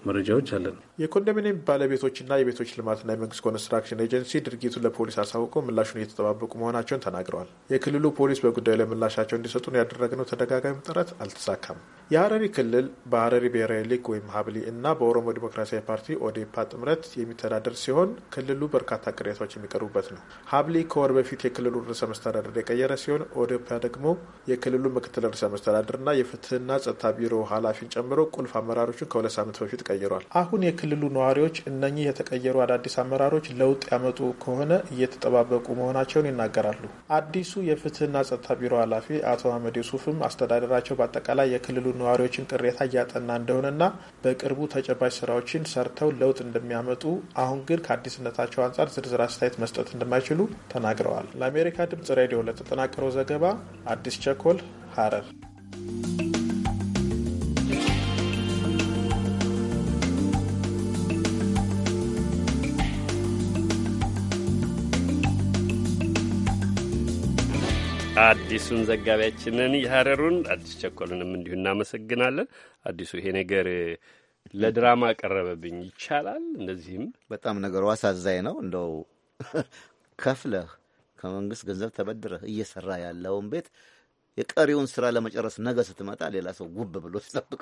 መረጃዎች አለን። የኮንዶሚኒየም ባለቤቶችና የቤቶች ልማትና የመንግስት ኮንስትራክሽን ኤጀንሲ ድርጊቱን ለፖሊስ አሳውቀው ምላሹን እየተጠባበቁ መሆናቸውን ተናግረዋል። የክልሉ ፖሊስ በጉዳዩ ላይ ምላሻቸው እንዲሰጡን ያደረግነው ተደጋጋሚ ጥረት አልተሳካም። የሀረሪ ክልል በሀረሪ ብሔራዊ ሊግ ወይም ሀብሊ እና በኦሮሞ ዴሞክራሲያዊ ፓርቲ ኦዴፓ ጥምረት የሚተዳደር ሲሆን ክልሉ በርካታ ቅሬታዎች የሚቀርቡበት ነው። ሀብሊ ከወር በፊት የክልሉ ርዕሰ መስተዳደር የቀየረ ሲሆን ኦዴፓ ደግሞ የክልሉ ምክትል ርዕሰ መስተዳደርና የፍትህና ጸጥታ ቢሮ ኃላፊን ጨምሮ ቁልፍ አመራሮችን ከሁለት ሳምንት በፊት ቀይሯል። አሁን የክልሉ ነዋሪዎች እነኚህ የተቀየሩ አዳዲስ አመራሮች ለውጥ ያመጡ ከሆነ እየተጠባበቁ መሆናቸውን ይናገራሉ። አዲሱ የፍትህና ጸጥታ ቢሮ ኃላፊ አቶ አህመድ ዩሱፍም አስተዳደራቸው በአጠቃላይ የክልሉ ነዋሪዎችን ቅሬታ እያጠና እንደሆነና በቅርቡ ተጨባጭ ስራዎችን ሰርተው ለውጥ እንደሚያመጡ አሁን ግን ከአዲስነታቸው አንጻር ዝርዝር አስተያየት መስጠት እንደማይችሉ ተናግረዋል። ለአሜሪካ ድምጽ ሬዲዮ ለተጠናቀረው ዘገባ አዲስ ቸኮል ሀረር አዲሱን ዘጋቢያችንን የሀረሩን አዲስ ቸኮልንም እንዲሁ እናመሰግናለን። አዲሱ ይሄ ነገር ለድራማ ቀረበብኝ ይቻላል። እንደዚህም በጣም ነገሩ አሳዛኝ ነው። እንደው ከፍለህ ከመንግስት ገንዘብ ተበድረህ እየሰራ ያለውን ቤት የቀሪውን ስራ ለመጨረስ ነገ ስትመጣ ሌላ ሰው ጉብ ብሎ ሲጠብቅ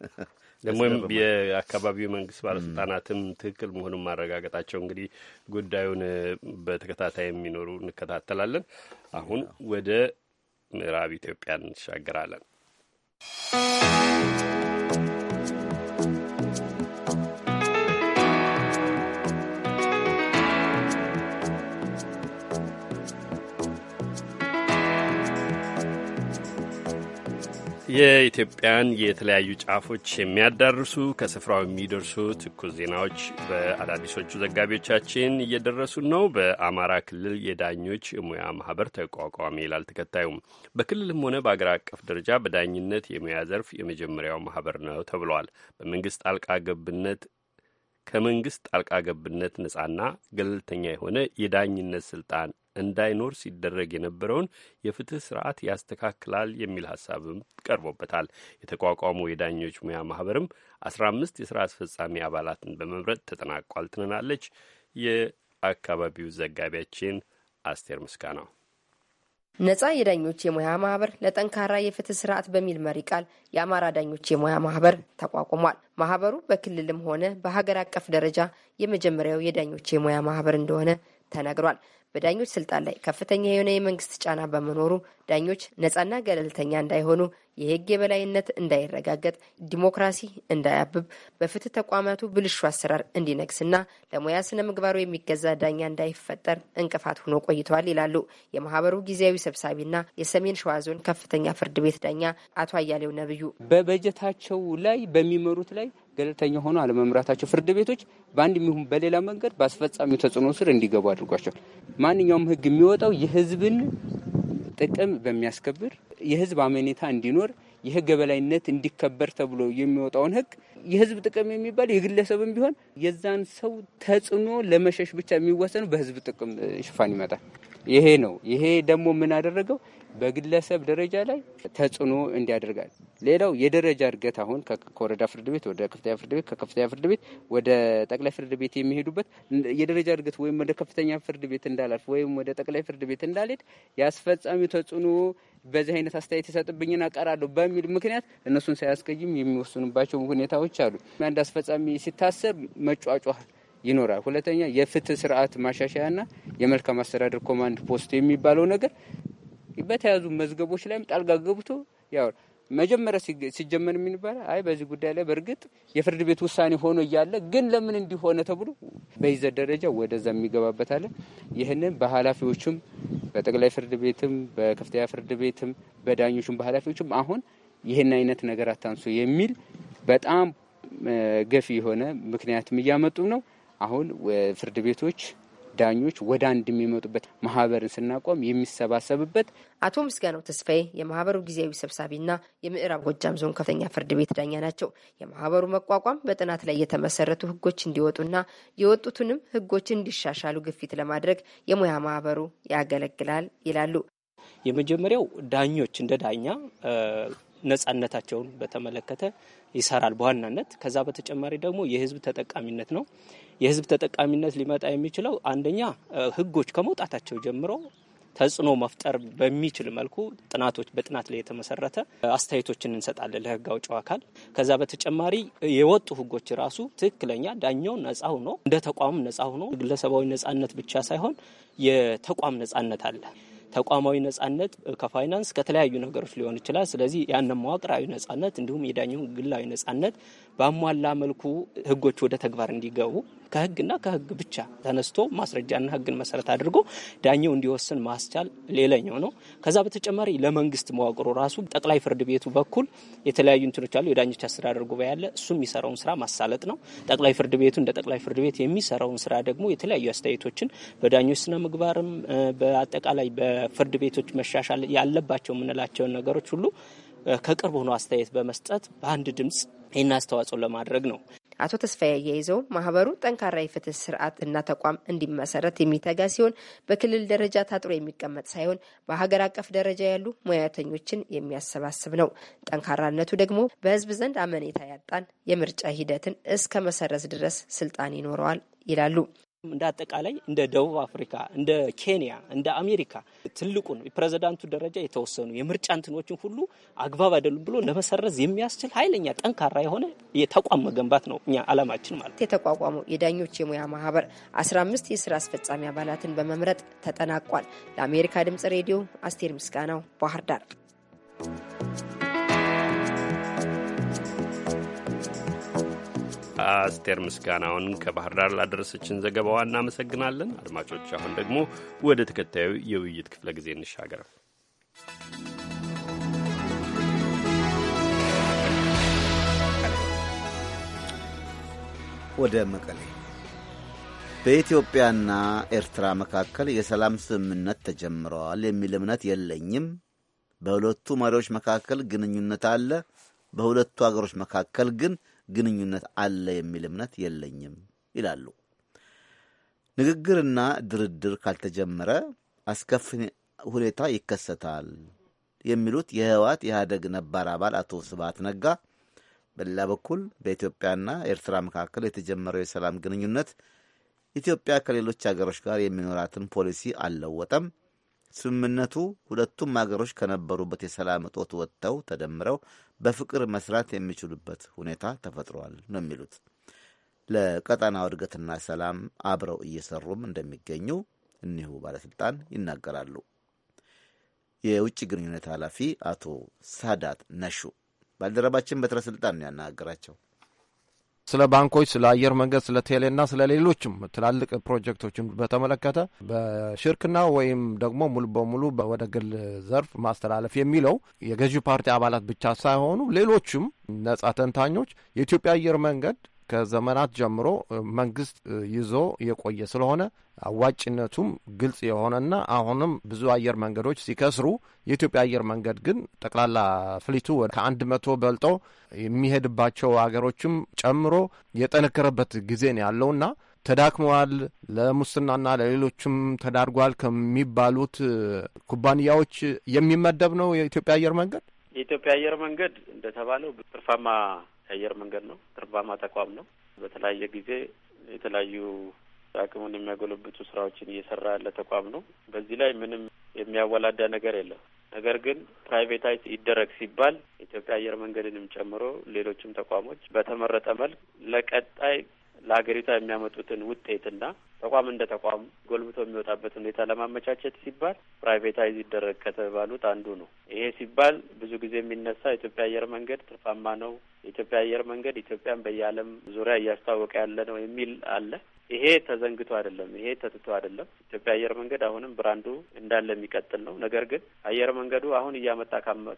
ደግሞ የአካባቢው መንግስት ባለስልጣናትም ትክክል መሆኑን ማረጋገጣቸው እንግዲህ ጉዳዩን በተከታታይ የሚኖሩ እንከታተላለን። አሁን ወደ ምዕራብ ኢትዮጵያ እንሻገራለን። የኢትዮጵያን የተለያዩ ጫፎች የሚያዳርሱ ከስፍራው የሚደርሱ ትኩስ ዜናዎች በአዳዲሶቹ ዘጋቢዎቻችን እየደረሱን ነው። በአማራ ክልል የዳኞች የሙያ ማህበር ተቋቋሚ ይላል ተከታዩም። በክልልም ሆነ በአገር አቀፍ ደረጃ በዳኝነት የሙያ ዘርፍ የመጀመሪያው ማህበር ነው ተብሏል። በመንግስት ጣልቃ ገብነት ከመንግስት ጣልቃ ገብነት ነጻና ገለልተኛ የሆነ የዳኝነት ስልጣን እንዳይኖር ሲደረግ የነበረውን የፍትህ ስርዓት ያስተካክላል የሚል ሀሳብም ቀርቦበታል። የተቋቋመው የዳኞች ሙያ ማህበርም አስራ አምስት የስራ አስፈጻሚ አባላትን በመምረጥ ተጠናቋል ትንናለች የአካባቢው ዘጋቢያችን አስቴር ምስጋናው። ነጻ የዳኞች የሙያ ማህበር ለጠንካራ የፍትህ ስርዓት በሚል መሪ ቃል የአማራ ዳኞች የሙያ ማህበር ተቋቁሟል። ማህበሩ በክልልም ሆነ በሀገር አቀፍ ደረጃ የመጀመሪያው የዳኞች የሙያ ማህበር እንደሆነ ተነግሯል። በዳኞች ስልጣን ላይ ከፍተኛ የሆነ የመንግስት ጫና በመኖሩ ዳኞች ነጻና ገለልተኛ እንዳይሆኑ፣ የህግ የበላይነት እንዳይረጋገጥ፣ ዲሞክራሲ እንዳያብብ፣ በፍትህ ተቋማቱ ብልሹ አሰራር እንዲነግስና ለሙያ ስነ ምግባሩ የሚገዛ ዳኛ እንዳይፈጠር እንቅፋት ሆኖ ቆይተዋል ይላሉ የማህበሩ ጊዜያዊ ሰብሳቢና የሰሜን ሸዋ ዞን ከፍተኛ ፍርድ ቤት ዳኛ አቶ አያሌው ነብዩ በበጀታቸው ላይ በሚመሩት ላይ ገለልተኛ ሆኖ አለመምራታቸው ፍርድ ቤቶች በአንድ የሚሆን በሌላ መንገድ በአስፈጻሚው ተጽዕኖ ስር እንዲገቡ አድርጓቸዋል። ማንኛውም ህግ የሚወጣው የህዝብን ጥቅም በሚያስከብር የህዝብ አመኔታ እንዲኖር የህግ የበላይነት እንዲከበር ተብሎ የሚወጣውን ህግ የህዝብ ጥቅም የሚባል የግለሰብም ቢሆን የዛን ሰው ተጽዕኖ ለመሸሽ ብቻ የሚወሰኑ በህዝብ ጥቅም ሽፋን ይመጣል። ይሄ ነው። ይሄ ደግሞ ምን አደረገው? በግለሰብ ደረጃ ላይ ተጽዕኖ እንዲያደርጋል። ሌላው የደረጃ እድገት አሁን ከወረዳ ፍርድ ቤት ወደ ከፍተኛ ፍርድ ቤት፣ ከከፍተኛ ፍርድ ቤት ወደ ጠቅላይ ፍርድ ቤት የሚሄዱበት የደረጃ እድገት ወይም ወደ ከፍተኛ ፍርድ ቤት እንዳላልፍ ወይም ወደ ጠቅላይ ፍርድ ቤት እንዳልሄድ የአስፈጻሚው ተጽዕኖ በዚህ አይነት አስተያየት ይሰጥብኝን አቀራለሁ በሚል ምክንያት እነሱን ሳያስቀይም የሚወስኑባቸው ሁኔታዎች አሉ። አንድ አስፈጻሚ ሲታሰር መጫጫ ይኖራል። ሁለተኛ የፍትህ ስርዓት ማሻሻያና የመልካም አስተዳደር ኮማንድ ፖስት የሚባለው ነገር በተያዙ መዝገቦች ላይም ጣልቃ ገብቶ ያው መጀመሪያ ሲጀመር የሚባል አይ በዚህ ጉዳይ ላይ በእርግጥ የፍርድ ቤት ውሳኔ ሆኖ እያለ ግን ለምን እንዲሆነ ተብሎ በይዘ ደረጃ ወደዛ የሚገባበታለን። ይህንን በኃላፊዎችም በጠቅላይ ፍርድ ቤትም በከፍተኛ ፍርድ ቤትም በዳኞችም በኃላፊዎችም አሁን ይህን አይነት ነገር አታንሶ የሚል በጣም ገፊ የሆነ ምክንያትም እያመጡ ነው። አሁን ፍርድ ቤቶች ዳኞች ወደ አንድ የሚመጡበት ማህበርን ስናቆም የሚሰባሰብበት። አቶ ምስጋናው ተስፋዬ የማህበሩ ጊዜያዊ ሰብሳቢና የምዕራብ ጎጃም ዞን ከፍተኛ ፍርድ ቤት ዳኛ ናቸው። የማህበሩ መቋቋም በጥናት ላይ የተመሰረቱ ህጎች እንዲወጡና የወጡትንም ህጎች እንዲሻሻሉ ግፊት ለማድረግ የሙያ ማህበሩ ያገለግላል ይላሉ። የመጀመሪያው ዳኞች እንደ ዳኛ ነጻነታቸውን በተመለከተ ይሰራል በዋናነት። ከዛ በተጨማሪ ደግሞ የህዝብ ተጠቃሚነት ነው። የህዝብ ተጠቃሚነት ሊመጣ የሚችለው አንደኛ ህጎች ከመውጣታቸው ጀምሮ ተጽዕኖ መፍጠር በሚችል መልኩ ጥናቶች በጥናት ላይ የተመሰረተ አስተያየቶችን እንሰጣለን ለህግ አውጪው አካል። ከዛ በተጨማሪ የወጡ ህጎች ራሱ ትክክለኛ ዳኛው ነጻ ሆኖ እንደ ተቋም ነጻ ሆኖ ግለሰባዊ ነጻነት ብቻ ሳይሆን የተቋም ነጻነት አለ። ተቋማዊ ነጻነት ከፋይናንስ ከተለያዩ ነገሮች ሊሆን ይችላል። ስለዚህ ያንን መዋቅራዊ ነጻነት እንዲሁም የዳኛውን ግላዊ ነጻነት በአሟላ መልኩ ህጎች ወደ ተግባር እንዲገቡ ከህግና ከህግ ብቻ ተነስቶ ማስረጃና ህግን መሰረት አድርጎ ዳኛው እንዲወስን ማስቻል ሌላኛው ነው። ከዛ በተጨማሪ ለመንግስት መዋቅሩ ራሱ ጠቅላይ ፍርድ ቤቱ በኩል የተለያዩ እንትኖች አሉ። የዳኞች አስተዳደር ጉባኤ ያለ እሱ የሚሰራውን ስራ ማሳለጥ ነው። ጠቅላይ ፍርድ ቤቱ እንደ ጠቅላይ ፍርድ ቤት የሚሰራውን ስራ ደግሞ የተለያዩ አስተያየቶችን በዳኞች ስነ ምግባርም በአጠቃላይ ፍርድ ቤቶች መሻሻል ያለባቸው የምንላቸውን ነገሮች ሁሉ ከቅርብ ሆኖ አስተያየት በመስጠት በአንድ ድምፅ ይህን አስተዋጽኦ ለማድረግ ነው። አቶ ተስፋዬ አያይዘው ማህበሩ ጠንካራ የፍትህ ስርዓት እና ተቋም እንዲመሰረት የሚተጋ ሲሆን በክልል ደረጃ ታጥሮ የሚቀመጥ ሳይሆን በሀገር አቀፍ ደረጃ ያሉ ሙያተኞችን የሚያሰባስብ ነው። ጠንካራነቱ ደግሞ በህዝብ ዘንድ አመኔታ ያጣን የምርጫ ሂደትን እስከ መሰረዝ ድረስ ስልጣን ይኖረዋል ይላሉ። እንደ አጠቃላይ እንደ ደቡብ አፍሪካ፣ እንደ ኬንያ፣ እንደ አሜሪካ ትልቁን የፕሬዚዳንቱ ደረጃ የተወሰኑ የምርጫ እንትኖችን ሁሉ አግባብ አይደሉም ብሎ ለመሰረዝ የሚያስችል ኃይለኛ ጠንካራ የሆነ የተቋም መገንባት ነው እኛ አላማችን ማለት። የተቋቋመው የዳኞች የሙያ ማህበር 15 የስራ አስፈጻሚ አባላትን በመምረጥ ተጠናቋል። ለአሜሪካ ድምጽ ሬዲዮ አስቴር ምስጋናው ባህር ዳር። አስቴር ምስጋናውን ከባህር ዳር ላደረሰችን ዘገባዋ እናመሰግናለን። አድማጮች፣ አሁን ደግሞ ወደ ተከታዩ የውይይት ክፍለ ጊዜ እንሻገር። ወደ መቀሌ በኢትዮጵያና ኤርትራ መካከል የሰላም ስምምነት ተጀምረዋል የሚል እምነት የለኝም። በሁለቱ መሪዎች መካከል ግንኙነት አለ። በሁለቱ አገሮች መካከል ግን ግንኙነት አለ የሚል እምነት የለኝም ይላሉ። ንግግርና ድርድር ካልተጀመረ አስከፊ ሁኔታ ይከሰታል የሚሉት የህወሓት የሀደግ ነባር አባል አቶ ስብሃት ነጋ በሌላ በኩል በኢትዮጵያና ኤርትራ መካከል የተጀመረው የሰላም ግንኙነት ኢትዮጵያ ከሌሎች አገሮች ጋር የሚኖራትን ፖሊሲ አልለወጠም። ስምምነቱ ሁለቱም አገሮች ከነበሩበት የሰላም እጦት ወጥተው ተደምረው በፍቅር መስራት የሚችሉበት ሁኔታ ተፈጥሯል ነው የሚሉት። ለቀጠናው እድገትና ሰላም አብረው እየሰሩም እንደሚገኙ እኒሁ ባለስልጣን ይናገራሉ። የውጭ ግንኙነት ኃላፊ አቶ ሳዳት ነሹ ባልደረባችን በትረ ስልጣን ነው ያነጋገራቸው። ስለ ባንኮች፣ ስለ አየር መንገድ፣ ስለ ቴሌና ስለ ሌሎችም ትላልቅ ፕሮጀክቶችን በተመለከተ በሽርክና ወይም ደግሞ ሙሉ በሙሉ ወደ ግል ዘርፍ ማስተላለፍ የሚለው የገዢ ፓርቲ አባላት ብቻ ሳይሆኑ ሌሎችም ነጻ ተንታኞች የኢትዮጵያ አየር መንገድ ከዘመናት ጀምሮ መንግስት ይዞ የቆየ ስለሆነ አዋጭነቱም ግልጽ የሆነና አሁንም ብዙ አየር መንገዶች ሲከስሩ የኢትዮጵያ አየር መንገድ ግን ጠቅላላ ፍሊቱ ከአንድ መቶ በልጦ የሚሄድባቸው ሀገሮችም ጨምሮ የጠነከረበት ጊዜ ነው ያለውና ተዳክመዋል፣ ለሙስናና ለሌሎችም ተዳርጓል ከሚባሉት ኩባንያዎች የሚመደብ ነው የኢትዮጵያ አየር መንገድ። የኢትዮጵያ አየር መንገድ እንደተባለው ትርፋማ የአየር መንገድ ነው። ትርፋማ ተቋም ነው። በተለያየ ጊዜ የተለያዩ አቅሙን የሚያጎለብቱ ስራዎችን እየሰራ ያለ ተቋም ነው። በዚህ ላይ ምንም የሚያወላዳ ነገር የለም። ነገር ግን ፕራይቬታይዝ ይደረግ ሲባል ኢትዮጵያ አየር መንገድንም ጨምሮ ሌሎችም ተቋሞች በተመረጠ መልክ ለቀጣይ ለሀገሪቷ የሚያመጡትን ውጤትና ተቋም እንደ ተቋም ጎልብቶ የሚወጣበት ሁኔታ ለማመቻቸት ሲባል ፕራይቬታይዝ ይደረግ ከተባሉት አንዱ ነው። ይሄ ሲባል ብዙ ጊዜ የሚነሳ የኢትዮጵያ አየር መንገድ ትርፋማ ነው፣ የኢትዮጵያ አየር መንገድ ኢትዮጵያን በየዓለም ዙሪያ እያስታወቀ ያለ ነው የሚል አለ። ይሄ ተዘንግቶ አይደለም፣ ይሄ ተትቶ አይደለም። ኢትዮጵያ አየር መንገድ አሁንም ብራንዱ እንዳለ የሚቀጥል ነው። ነገር ግን አየር መንገዱ አሁን እያመጣ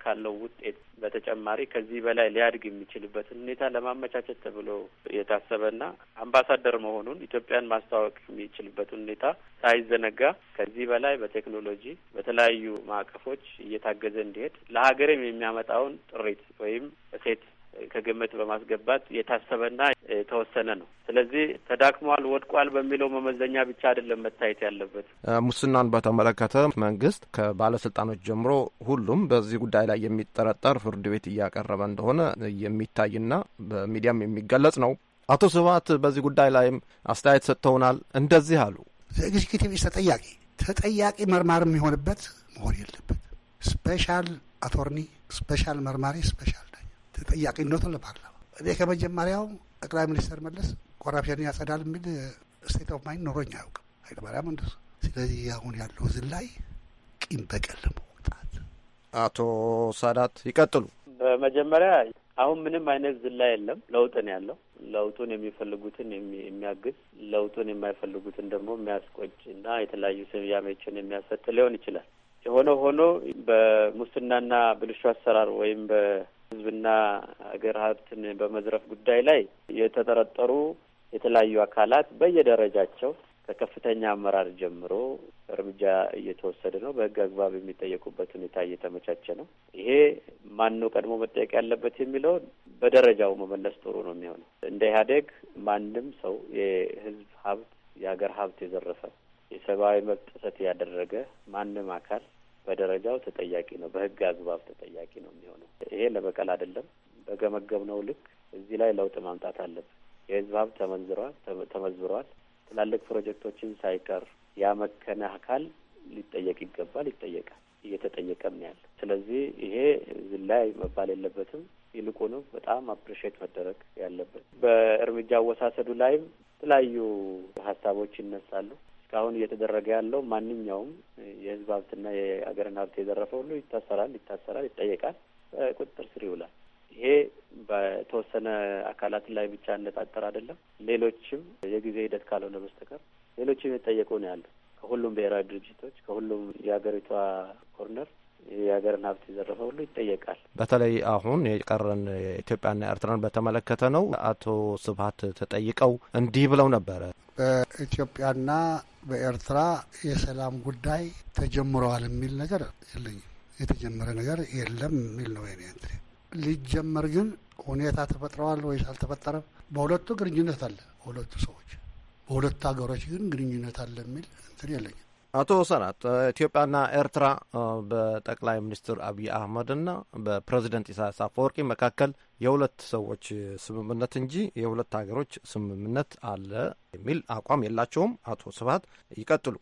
ካለው ውጤት በተጨማሪ ከዚህ በላይ ሊያድግ የሚችልበትን ሁኔታ ለማመቻቸት ተብሎ የታሰበና አምባሳደር መሆኑን ኢትዮጵያን ማስተዋወቅ የሚችልበትን ሁኔታ ሳይዘነጋ ከዚህ በላይ በቴክኖሎጂ በተለያዩ ማዕቀፎች እየታገዘ እንዲሄድ ለሀገርም የሚያመጣውን ጥሪት ወይም እሴት ከግምት በማስገባት የታሰበና የተወሰነ ነው። ስለዚህ ተዳክሟል፣ ወድቋል በሚለው መመዘኛ ብቻ አይደለም መታየት ያለበት። ሙስናን በተመለከተ መንግስት ከባለስልጣኖች ጀምሮ ሁሉም በዚህ ጉዳይ ላይ የሚጠረጠር ፍርድ ቤት እያቀረበ እንደሆነ የሚታይና በሚዲያም የሚገለጽ ነው። አቶ ስብሀት በዚህ ጉዳይ ላይም አስተያየት ሰጥተውናል። እንደዚህ አሉ። ኤግዚኪቲቭ ተጠያቂ ተጠያቂ መርማር የሚሆንበት መሆን የለበት። ስፔሻል አቶርኒ፣ ስፔሻል መርማሪ፣ ስፔሻል ተጠያቂነቱን ለማቅረብ እኔ ከመጀመሪያው ጠቅላይ ሚኒስትር መለስ ኮራፕሽን ያጸዳል የሚል ስቴት ኦፍ ማይንድ ኖሮኝ አያውቅም። ኃይለማርያም እንደሱ። ስለዚህ አሁን ያለው ላይ ቂም በቀል ለመውጣት አቶ ሳዳት ይቀጥሉ። በመጀመሪያ አሁን ምንም አይነት ዝላይ የለም። ለውጥን ያለው ለውጡን የሚፈልጉትን የሚያግዝ ለውጡን የማይፈልጉትን ደግሞ የሚያስቆጭ እና የተለያዩ ስያሜዎችን የሚያሰጥ ሊሆን ይችላል። የሆነ ሆኖ በሙስናና ብልሹ አሰራር ወይም ህዝብና ሀገር ሀብትን በመዝረፍ ጉዳይ ላይ የተጠረጠሩ የተለያዩ አካላት በየደረጃቸው ከከፍተኛ አመራር ጀምሮ እርምጃ እየተወሰደ ነው። በህግ አግባብ የሚጠየቁበት ሁኔታ እየተመቻቸ ነው። ይሄ ነው ቀድሞ መጠየቅ ያለበት የሚለው በደረጃው መመለስ ጥሩ ነው የሚሆነው። እንደ ኢህአዴግ ማንም ሰው የህዝብ ሀብት የሀገር ሀብት የዘረፈ የሰብአዊ መብት ጥሰት ያደረገ ማንም አካል በደረጃው ተጠያቂ ነው፣ በህግ አግባብ ተጠያቂ ነው የሚሆነው። ይሄ ለበቀል አይደለም። በገመገብነው ልክ እዚህ ላይ ለውጥ ማምጣት አለብን። የህዝብ ሀብት ተመንዝሯል፣ ተመዝብሯል። ትላልቅ ፕሮጀክቶችን ሳይቀር ያመከነ አካል ሊጠየቅ ይገባል፣ ይጠየቃል፣ እየተጠየቀም ያለ። ስለዚህ ይሄ ላይ መባል የለበትም። ይልቁንም በጣም አፕሪሼት መደረግ ያለበት በእርምጃ አወሳሰዱ ላይም የተለያዩ ሀሳቦች ይነሳሉ። እስካሁን እየተደረገ ያለው ማንኛውም የህዝብ ሀብትና የአገርን ሀብት የዘረፈ ሁሉ ይታሰራል፣ ይታሰራል፣ ይጠየቃል፣ ቁጥጥር ስር ይውላል። ይሄ በተወሰነ አካላት ላይ ብቻ ያነጣጠር አይደለም። ሌሎችም የጊዜ ሂደት ካልሆነ በስተቀር ሌሎችም የጠየቁ ነው ያሉ ከሁሉም ብሔራዊ ድርጅቶች ከሁሉም የሀገሪቷ ኮርነር የሀገርን ሀብት የዘረፈ ሁሉ ይጠየቃል። በተለይ አሁን የቀረን ኢትዮጵያና ኤርትራን በተመለከተ ነው። አቶ ስብሀት ተጠይቀው እንዲህ ብለው ነበረ። በኢትዮጵያና በኤርትራ የሰላም ጉዳይ ተጀምረዋል የሚል ነገር የለኝም። የተጀመረ ነገር የለም የሚል ነው የእኔ እንትን። ሊጀመር ግን ሁኔታ ተፈጥረዋል ወይስ አልተፈጠረም? በሁለቱ ግንኙነት አለ፣ በሁለቱ ሰዎች፣ በሁለቱ ሀገሮች ግን ግንኙነት አለ የሚል እንትን የለኝም። አቶ ሰናት ኢትዮጵያና ኤርትራ በጠቅላይ ሚኒስትር አብይ አህመድና በፕሬዚደንት ኢሳያስ አፈወርቂ መካከል የሁለት ሰዎች ስምምነት እንጂ የሁለት ሀገሮች ስምምነት አለ የሚል አቋም የላቸውም። አቶ ስብሀት ይቀጥሉ።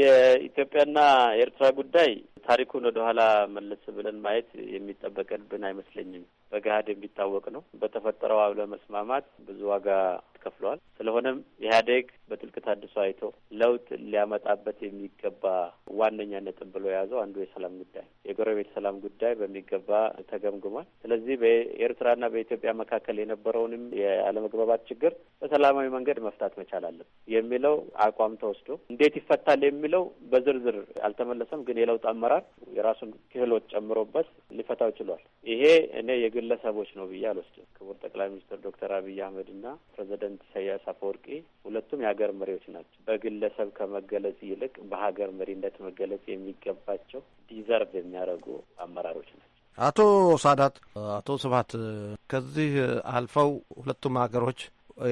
የኢትዮጵያና ኤርትራ ጉዳይ ታሪኩን ወደኋላ መለስ ብለን ማየት የሚጠበቅብን አይመስለኝም። በገሀድ የሚታወቅ ነው። በተፈጠረው መስማማት ብዙ ዋጋ ከፍለዋል። ስለሆነም ኢህአዴግ በጥልቅ ታድሶ አይቶ ለውጥ ሊያመጣበት የሚገባ ዋነኛ ነጥብ ብሎ የያዘው አንዱ የሰላም ጉዳይ የጎረቤት ሰላም ጉዳይ በሚገባ ተገምግሟል። ስለዚህ በኤርትራና በኢትዮጵያ መካከል የነበረውንም የአለመግባባት ችግር በሰላማዊ መንገድ መፍታት መቻል አለን የሚለው አቋም ተወስዶ እንዴት ይፈታል የሚለው በዝርዝር አልተመለሰም። ግን የለውጥ አመራር የራሱን ክህሎት ጨምሮበት ሊፈታው ችሏል። ይሄ እኔ ግለሰቦች ነው ብዬ አልወስድም። ክቡር ጠቅላይ ሚኒስትር ዶክተር አብይ አህመድ እና ፕሬዚደንት ኢሳያስ አፈወርቂ ሁለቱም የሀገር መሪዎች ናቸው። በግለሰብ ከመገለጽ ይልቅ በሀገር መሪነት መገለጽ የሚገባቸው ዲዘርቭ የሚያደርጉ አመራሮች ናቸው። አቶ ሳዳት፣ አቶ ስብሀት ከዚህ አልፈው ሁለቱም ሀገሮች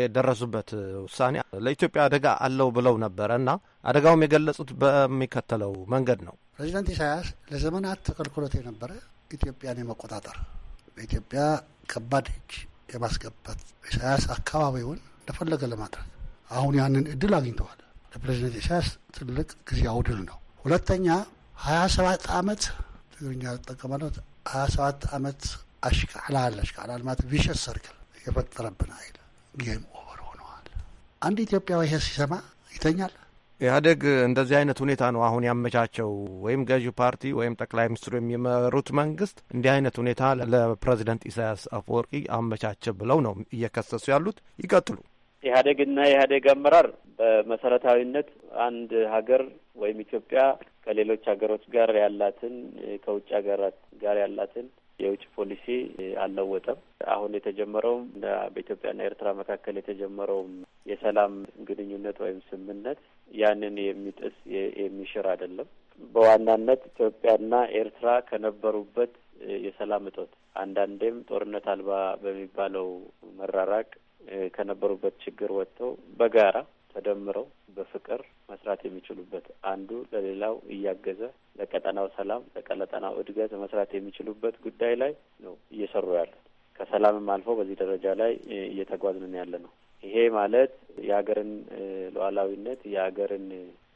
የደረሱበት ውሳኔ ለኢትዮጵያ አደጋ አለው ብለው ነበረ እና አደጋውም የገለጹት በሚከተለው መንገድ ነው። ፕሬዚዳንት ኢሳያስ ለዘመናት ተከልክሎት የነበረ ኢትዮጵያን የመቆጣጠር ለኢትዮጵያ ከባድ እጅ የማስገባት ኢሳያስ አካባቢውን እንደፈለገ ለማድረግ አሁን ያንን እድል አግኝተዋል። ለፕሬዚደንት ኢሳያስ ትልቅ ጊዜያዊ ድል ነው። ሁለተኛ ሀያ ሰባት አመት ትግርኛ ተጠቀመለት ሀያ ሰባት ዓመት አሽቃላል አሽቃላል ማለት ቪሸስ ሰርክል የፈጠረብን አይል ጌም ኦቨር ሆነዋል። አንድ ኢትዮጵያዊ ይሄ ሲሰማ ይተኛል። ኢህአዴግ እንደዚህ አይነት ሁኔታ ነው አሁን ያመቻቸው። ወይም ገዢ ፓርቲ ወይም ጠቅላይ ሚኒስትሩ የሚመሩት መንግስት እንዲህ አይነት ሁኔታ ለፕሬዚደንት ኢሳያስ አፈወርቂ አመቻቸ ብለው ነው እየከሰሱ ያሉት። ይቀጥሉ። ኢህአዴግና የኢህአዴግ አመራር በመሰረታዊነት አንድ ሀገር ወይም ኢትዮጵያ ከሌሎች ሀገሮች ጋር ያላትን ከውጭ ሀገራት ጋር ያላትን የውጭ ፖሊሲ አልለወጠም። አሁን የተጀመረውም በኢትዮጵያና ኤርትራ መካከል የተጀመረውም የሰላም ግንኙነት ወይም ስምምነት ያንን የሚጥስ የሚሽር አይደለም። በዋናነት ኢትዮጵያና ኤርትራ ከነበሩበት የሰላም እጦት አንዳንዴም ጦርነት አልባ በሚባለው መራራቅ ከነበሩበት ችግር ወጥተው በጋራ ተደምረው በፍቅር መስራት የሚችሉበት አንዱ ለሌላው እያገዘ ለቀጠናው ሰላም ለቀጠናው እድገት መስራት የሚችሉበት ጉዳይ ላይ ነው እየሰሩ ያለ። ከሰላምም አልፎ በዚህ ደረጃ ላይ እየተጓዝንን ያለ ነው። ይሄ ማለት የሀገርን ሉዓላዊነት የሀገርን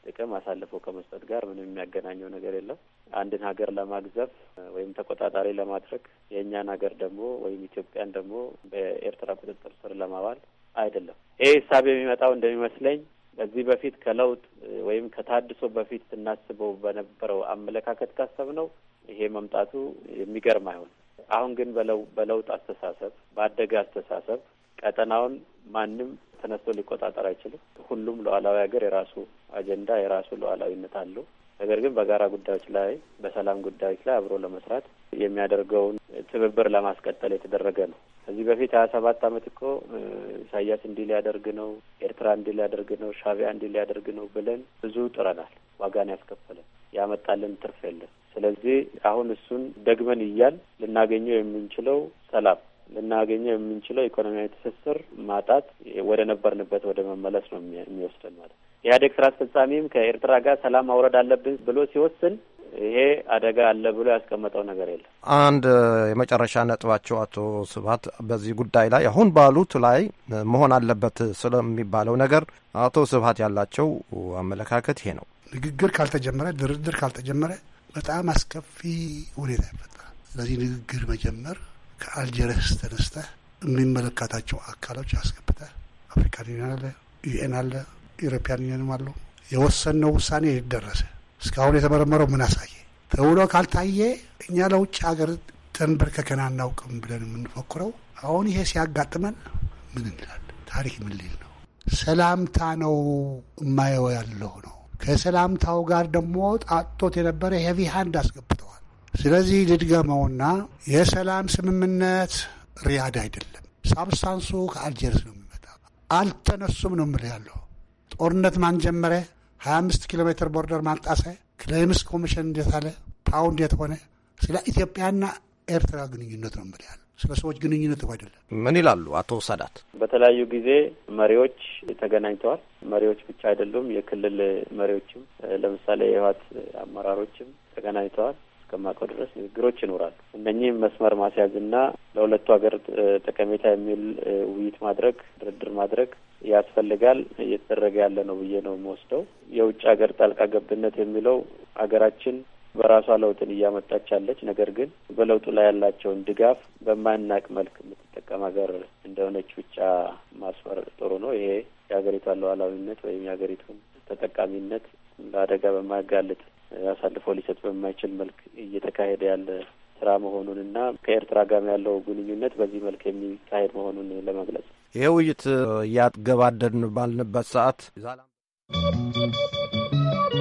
ጥቅም አሳልፎ ከመስጠት ጋር ምንም የሚያገናኘው ነገር የለም። አንድን ሀገር ለማግዘፍ ወይም ተቆጣጣሪ ለማድረግ የእኛን ሀገር ደግሞ ወይም ኢትዮጵያን ደግሞ በኤርትራ ቁጥጥር ስር ለማዋል አይደለም። ይሄ ሂሳብ የሚመጣው እንደሚመስለኝ ከዚህ በፊት ከለውጥ ወይም ከታድሶ በፊት ስናስበው በነበረው አመለካከት ካሰብነው ይሄ መምጣቱ የሚገርም አይሆን። አሁን ግን በለው በለውጥ አስተሳሰብ ባደገ አስተሳሰብ ቀጠናውን ማንም ተነስቶ ሊቆጣጠር አይችልም። ሁሉም ሉዓላዊ ሀገር የራሱ አጀንዳ የራሱ ሉዓላዊነት አለው። ነገር ግን በጋራ ጉዳዮች ላይ በሰላም ጉዳዮች ላይ አብሮ ለመስራት የሚያደርገውን ትብብር ለማስቀጠል የተደረገ ነው። ከዚህ በፊት ሀያ ሰባት አመት እኮ ኢሳያስ እንዲህ ሊያደርግ ነው፣ ኤርትራ እንዲህ ሊያደርግ ነው፣ ሻቢያ እንዲህ ሊያደርግ ነው ብለን ብዙ ጥረናል። ዋጋን ያስከፈለን ያመጣልን ትርፍ የለም። ስለዚህ አሁን እሱን ደግመን እያል ልናገኘው የምንችለው ሰላም ልናገኘው የምንችለው ኢኮኖሚያዊ ትስስር ማጣት ወደ ነበርንበት ወደ መመለስ ነው የሚወስደን ማለት ኢህአዴግ ስራ አስፈጻሚም ከኤርትራ ጋር ሰላም ማውረድ አለብን ብሎ ሲወስን ይሄ አደጋ አለ ብሎ ያስቀመጠው ነገር የለም። አንድ የመጨረሻ ነጥባቸው አቶ ስብሀት በዚህ ጉዳይ ላይ አሁን ባሉት ላይ መሆን አለበት ስለሚባለው ነገር አቶ ስብሀት ያላቸው አመለካከት ይሄ ነው። ንግግር ካልተጀመረ፣ ድርድር ካልተጀመረ በጣም አስከፊ ሁኔታ ይፈጠራል። ስለዚህ ንግግር መጀመር ከአልጀርስ ተነስተ የሚመለከታቸው አካሎች አስገብተ አፍሪካን ዩኒን አለ፣ ዩኤን አለ፣ ኢሮፒያን ዩኒንም አሉ። የወሰንነው ውሳኔ የደረሰ እስካሁን የተመረመረው ምን አሳየ ተብሎ ካልታየ እኛ ለውጭ ሀገር ተንበርከከን አናውቅም ብለን የምንፎክረው አሁን ይሄ ሲያጋጥመን ምን እንላለን? ታሪክ ምን ሊል ነው? ሰላምታ ነው የማየው ያለው ነው። ከሰላምታው ጋር ደግሞ ጣጦት የነበረ ሄቪ ሃንድ አስገብተዋል። ስለዚህ ልድገመውና የሰላም ስምምነት ሪያድ አይደለም፣ ሳብስታንሱ ከአልጀርስ ነው የሚመጣው። አልተነሱም ነው የምልህ ያለው ጦርነት ማን ጀመረ? 25 ኪሎ ሜትር ቦርደር ማን ጣሰ? ክሌምስ ኮሚሽን እንዴት አለ? ፓው እንዴት ሆነ? ስለ ኢትዮጵያና ኤርትራ ግንኙነት ነው የምልህ ያለው ስለ ሰዎች ግንኙነት አይደለም። ምን ይላሉ አቶ ሳዳት? በተለያዩ ጊዜ መሪዎች ተገናኝተዋል። መሪዎች ብቻ አይደሉም፣ የክልል መሪዎችም ለምሳሌ የህወሓት አመራሮችም ተገናኝተዋል። እስከማውቀው ድረስ ንግግሮች ይኖራሉ። እነኚህም መስመር ማስያዝና ለሁለቱ ሀገር ጠቀሜታ የሚውል ውይይት ማድረግ፣ ድርድር ማድረግ ያስፈልጋል። እየተደረገ ያለ ነው ብዬ ነው የምወስደው። የውጭ ሀገር ጣልቃ ገብነት የሚለው ሀገራችን በራሷ ለውጥን እያመጣች ያለች ነገር ግን በለውጡ ላይ ያላቸውን ድጋፍ በማናቅ መልክ የምትጠቀም ሀገር እንደሆነች ብቻ ማስፈር ጥሩ ነው። ይሄ የሀገሪቷን ሉዓላዊነት ወይም የሀገሪቱን ተጠቃሚነት ለአደጋ በማያጋልጥ አሳልፎ ሊሰጥ በማይችል መልክ እየተካሄደ ያለ ስራ መሆኑንና ከኤርትራ ጋር ያለው ግንኙነት በዚህ መልክ የሚካሄድ መሆኑን ለመግለጽ ይሄ ውይይት እያገባደድን ባልንበት ሰዓት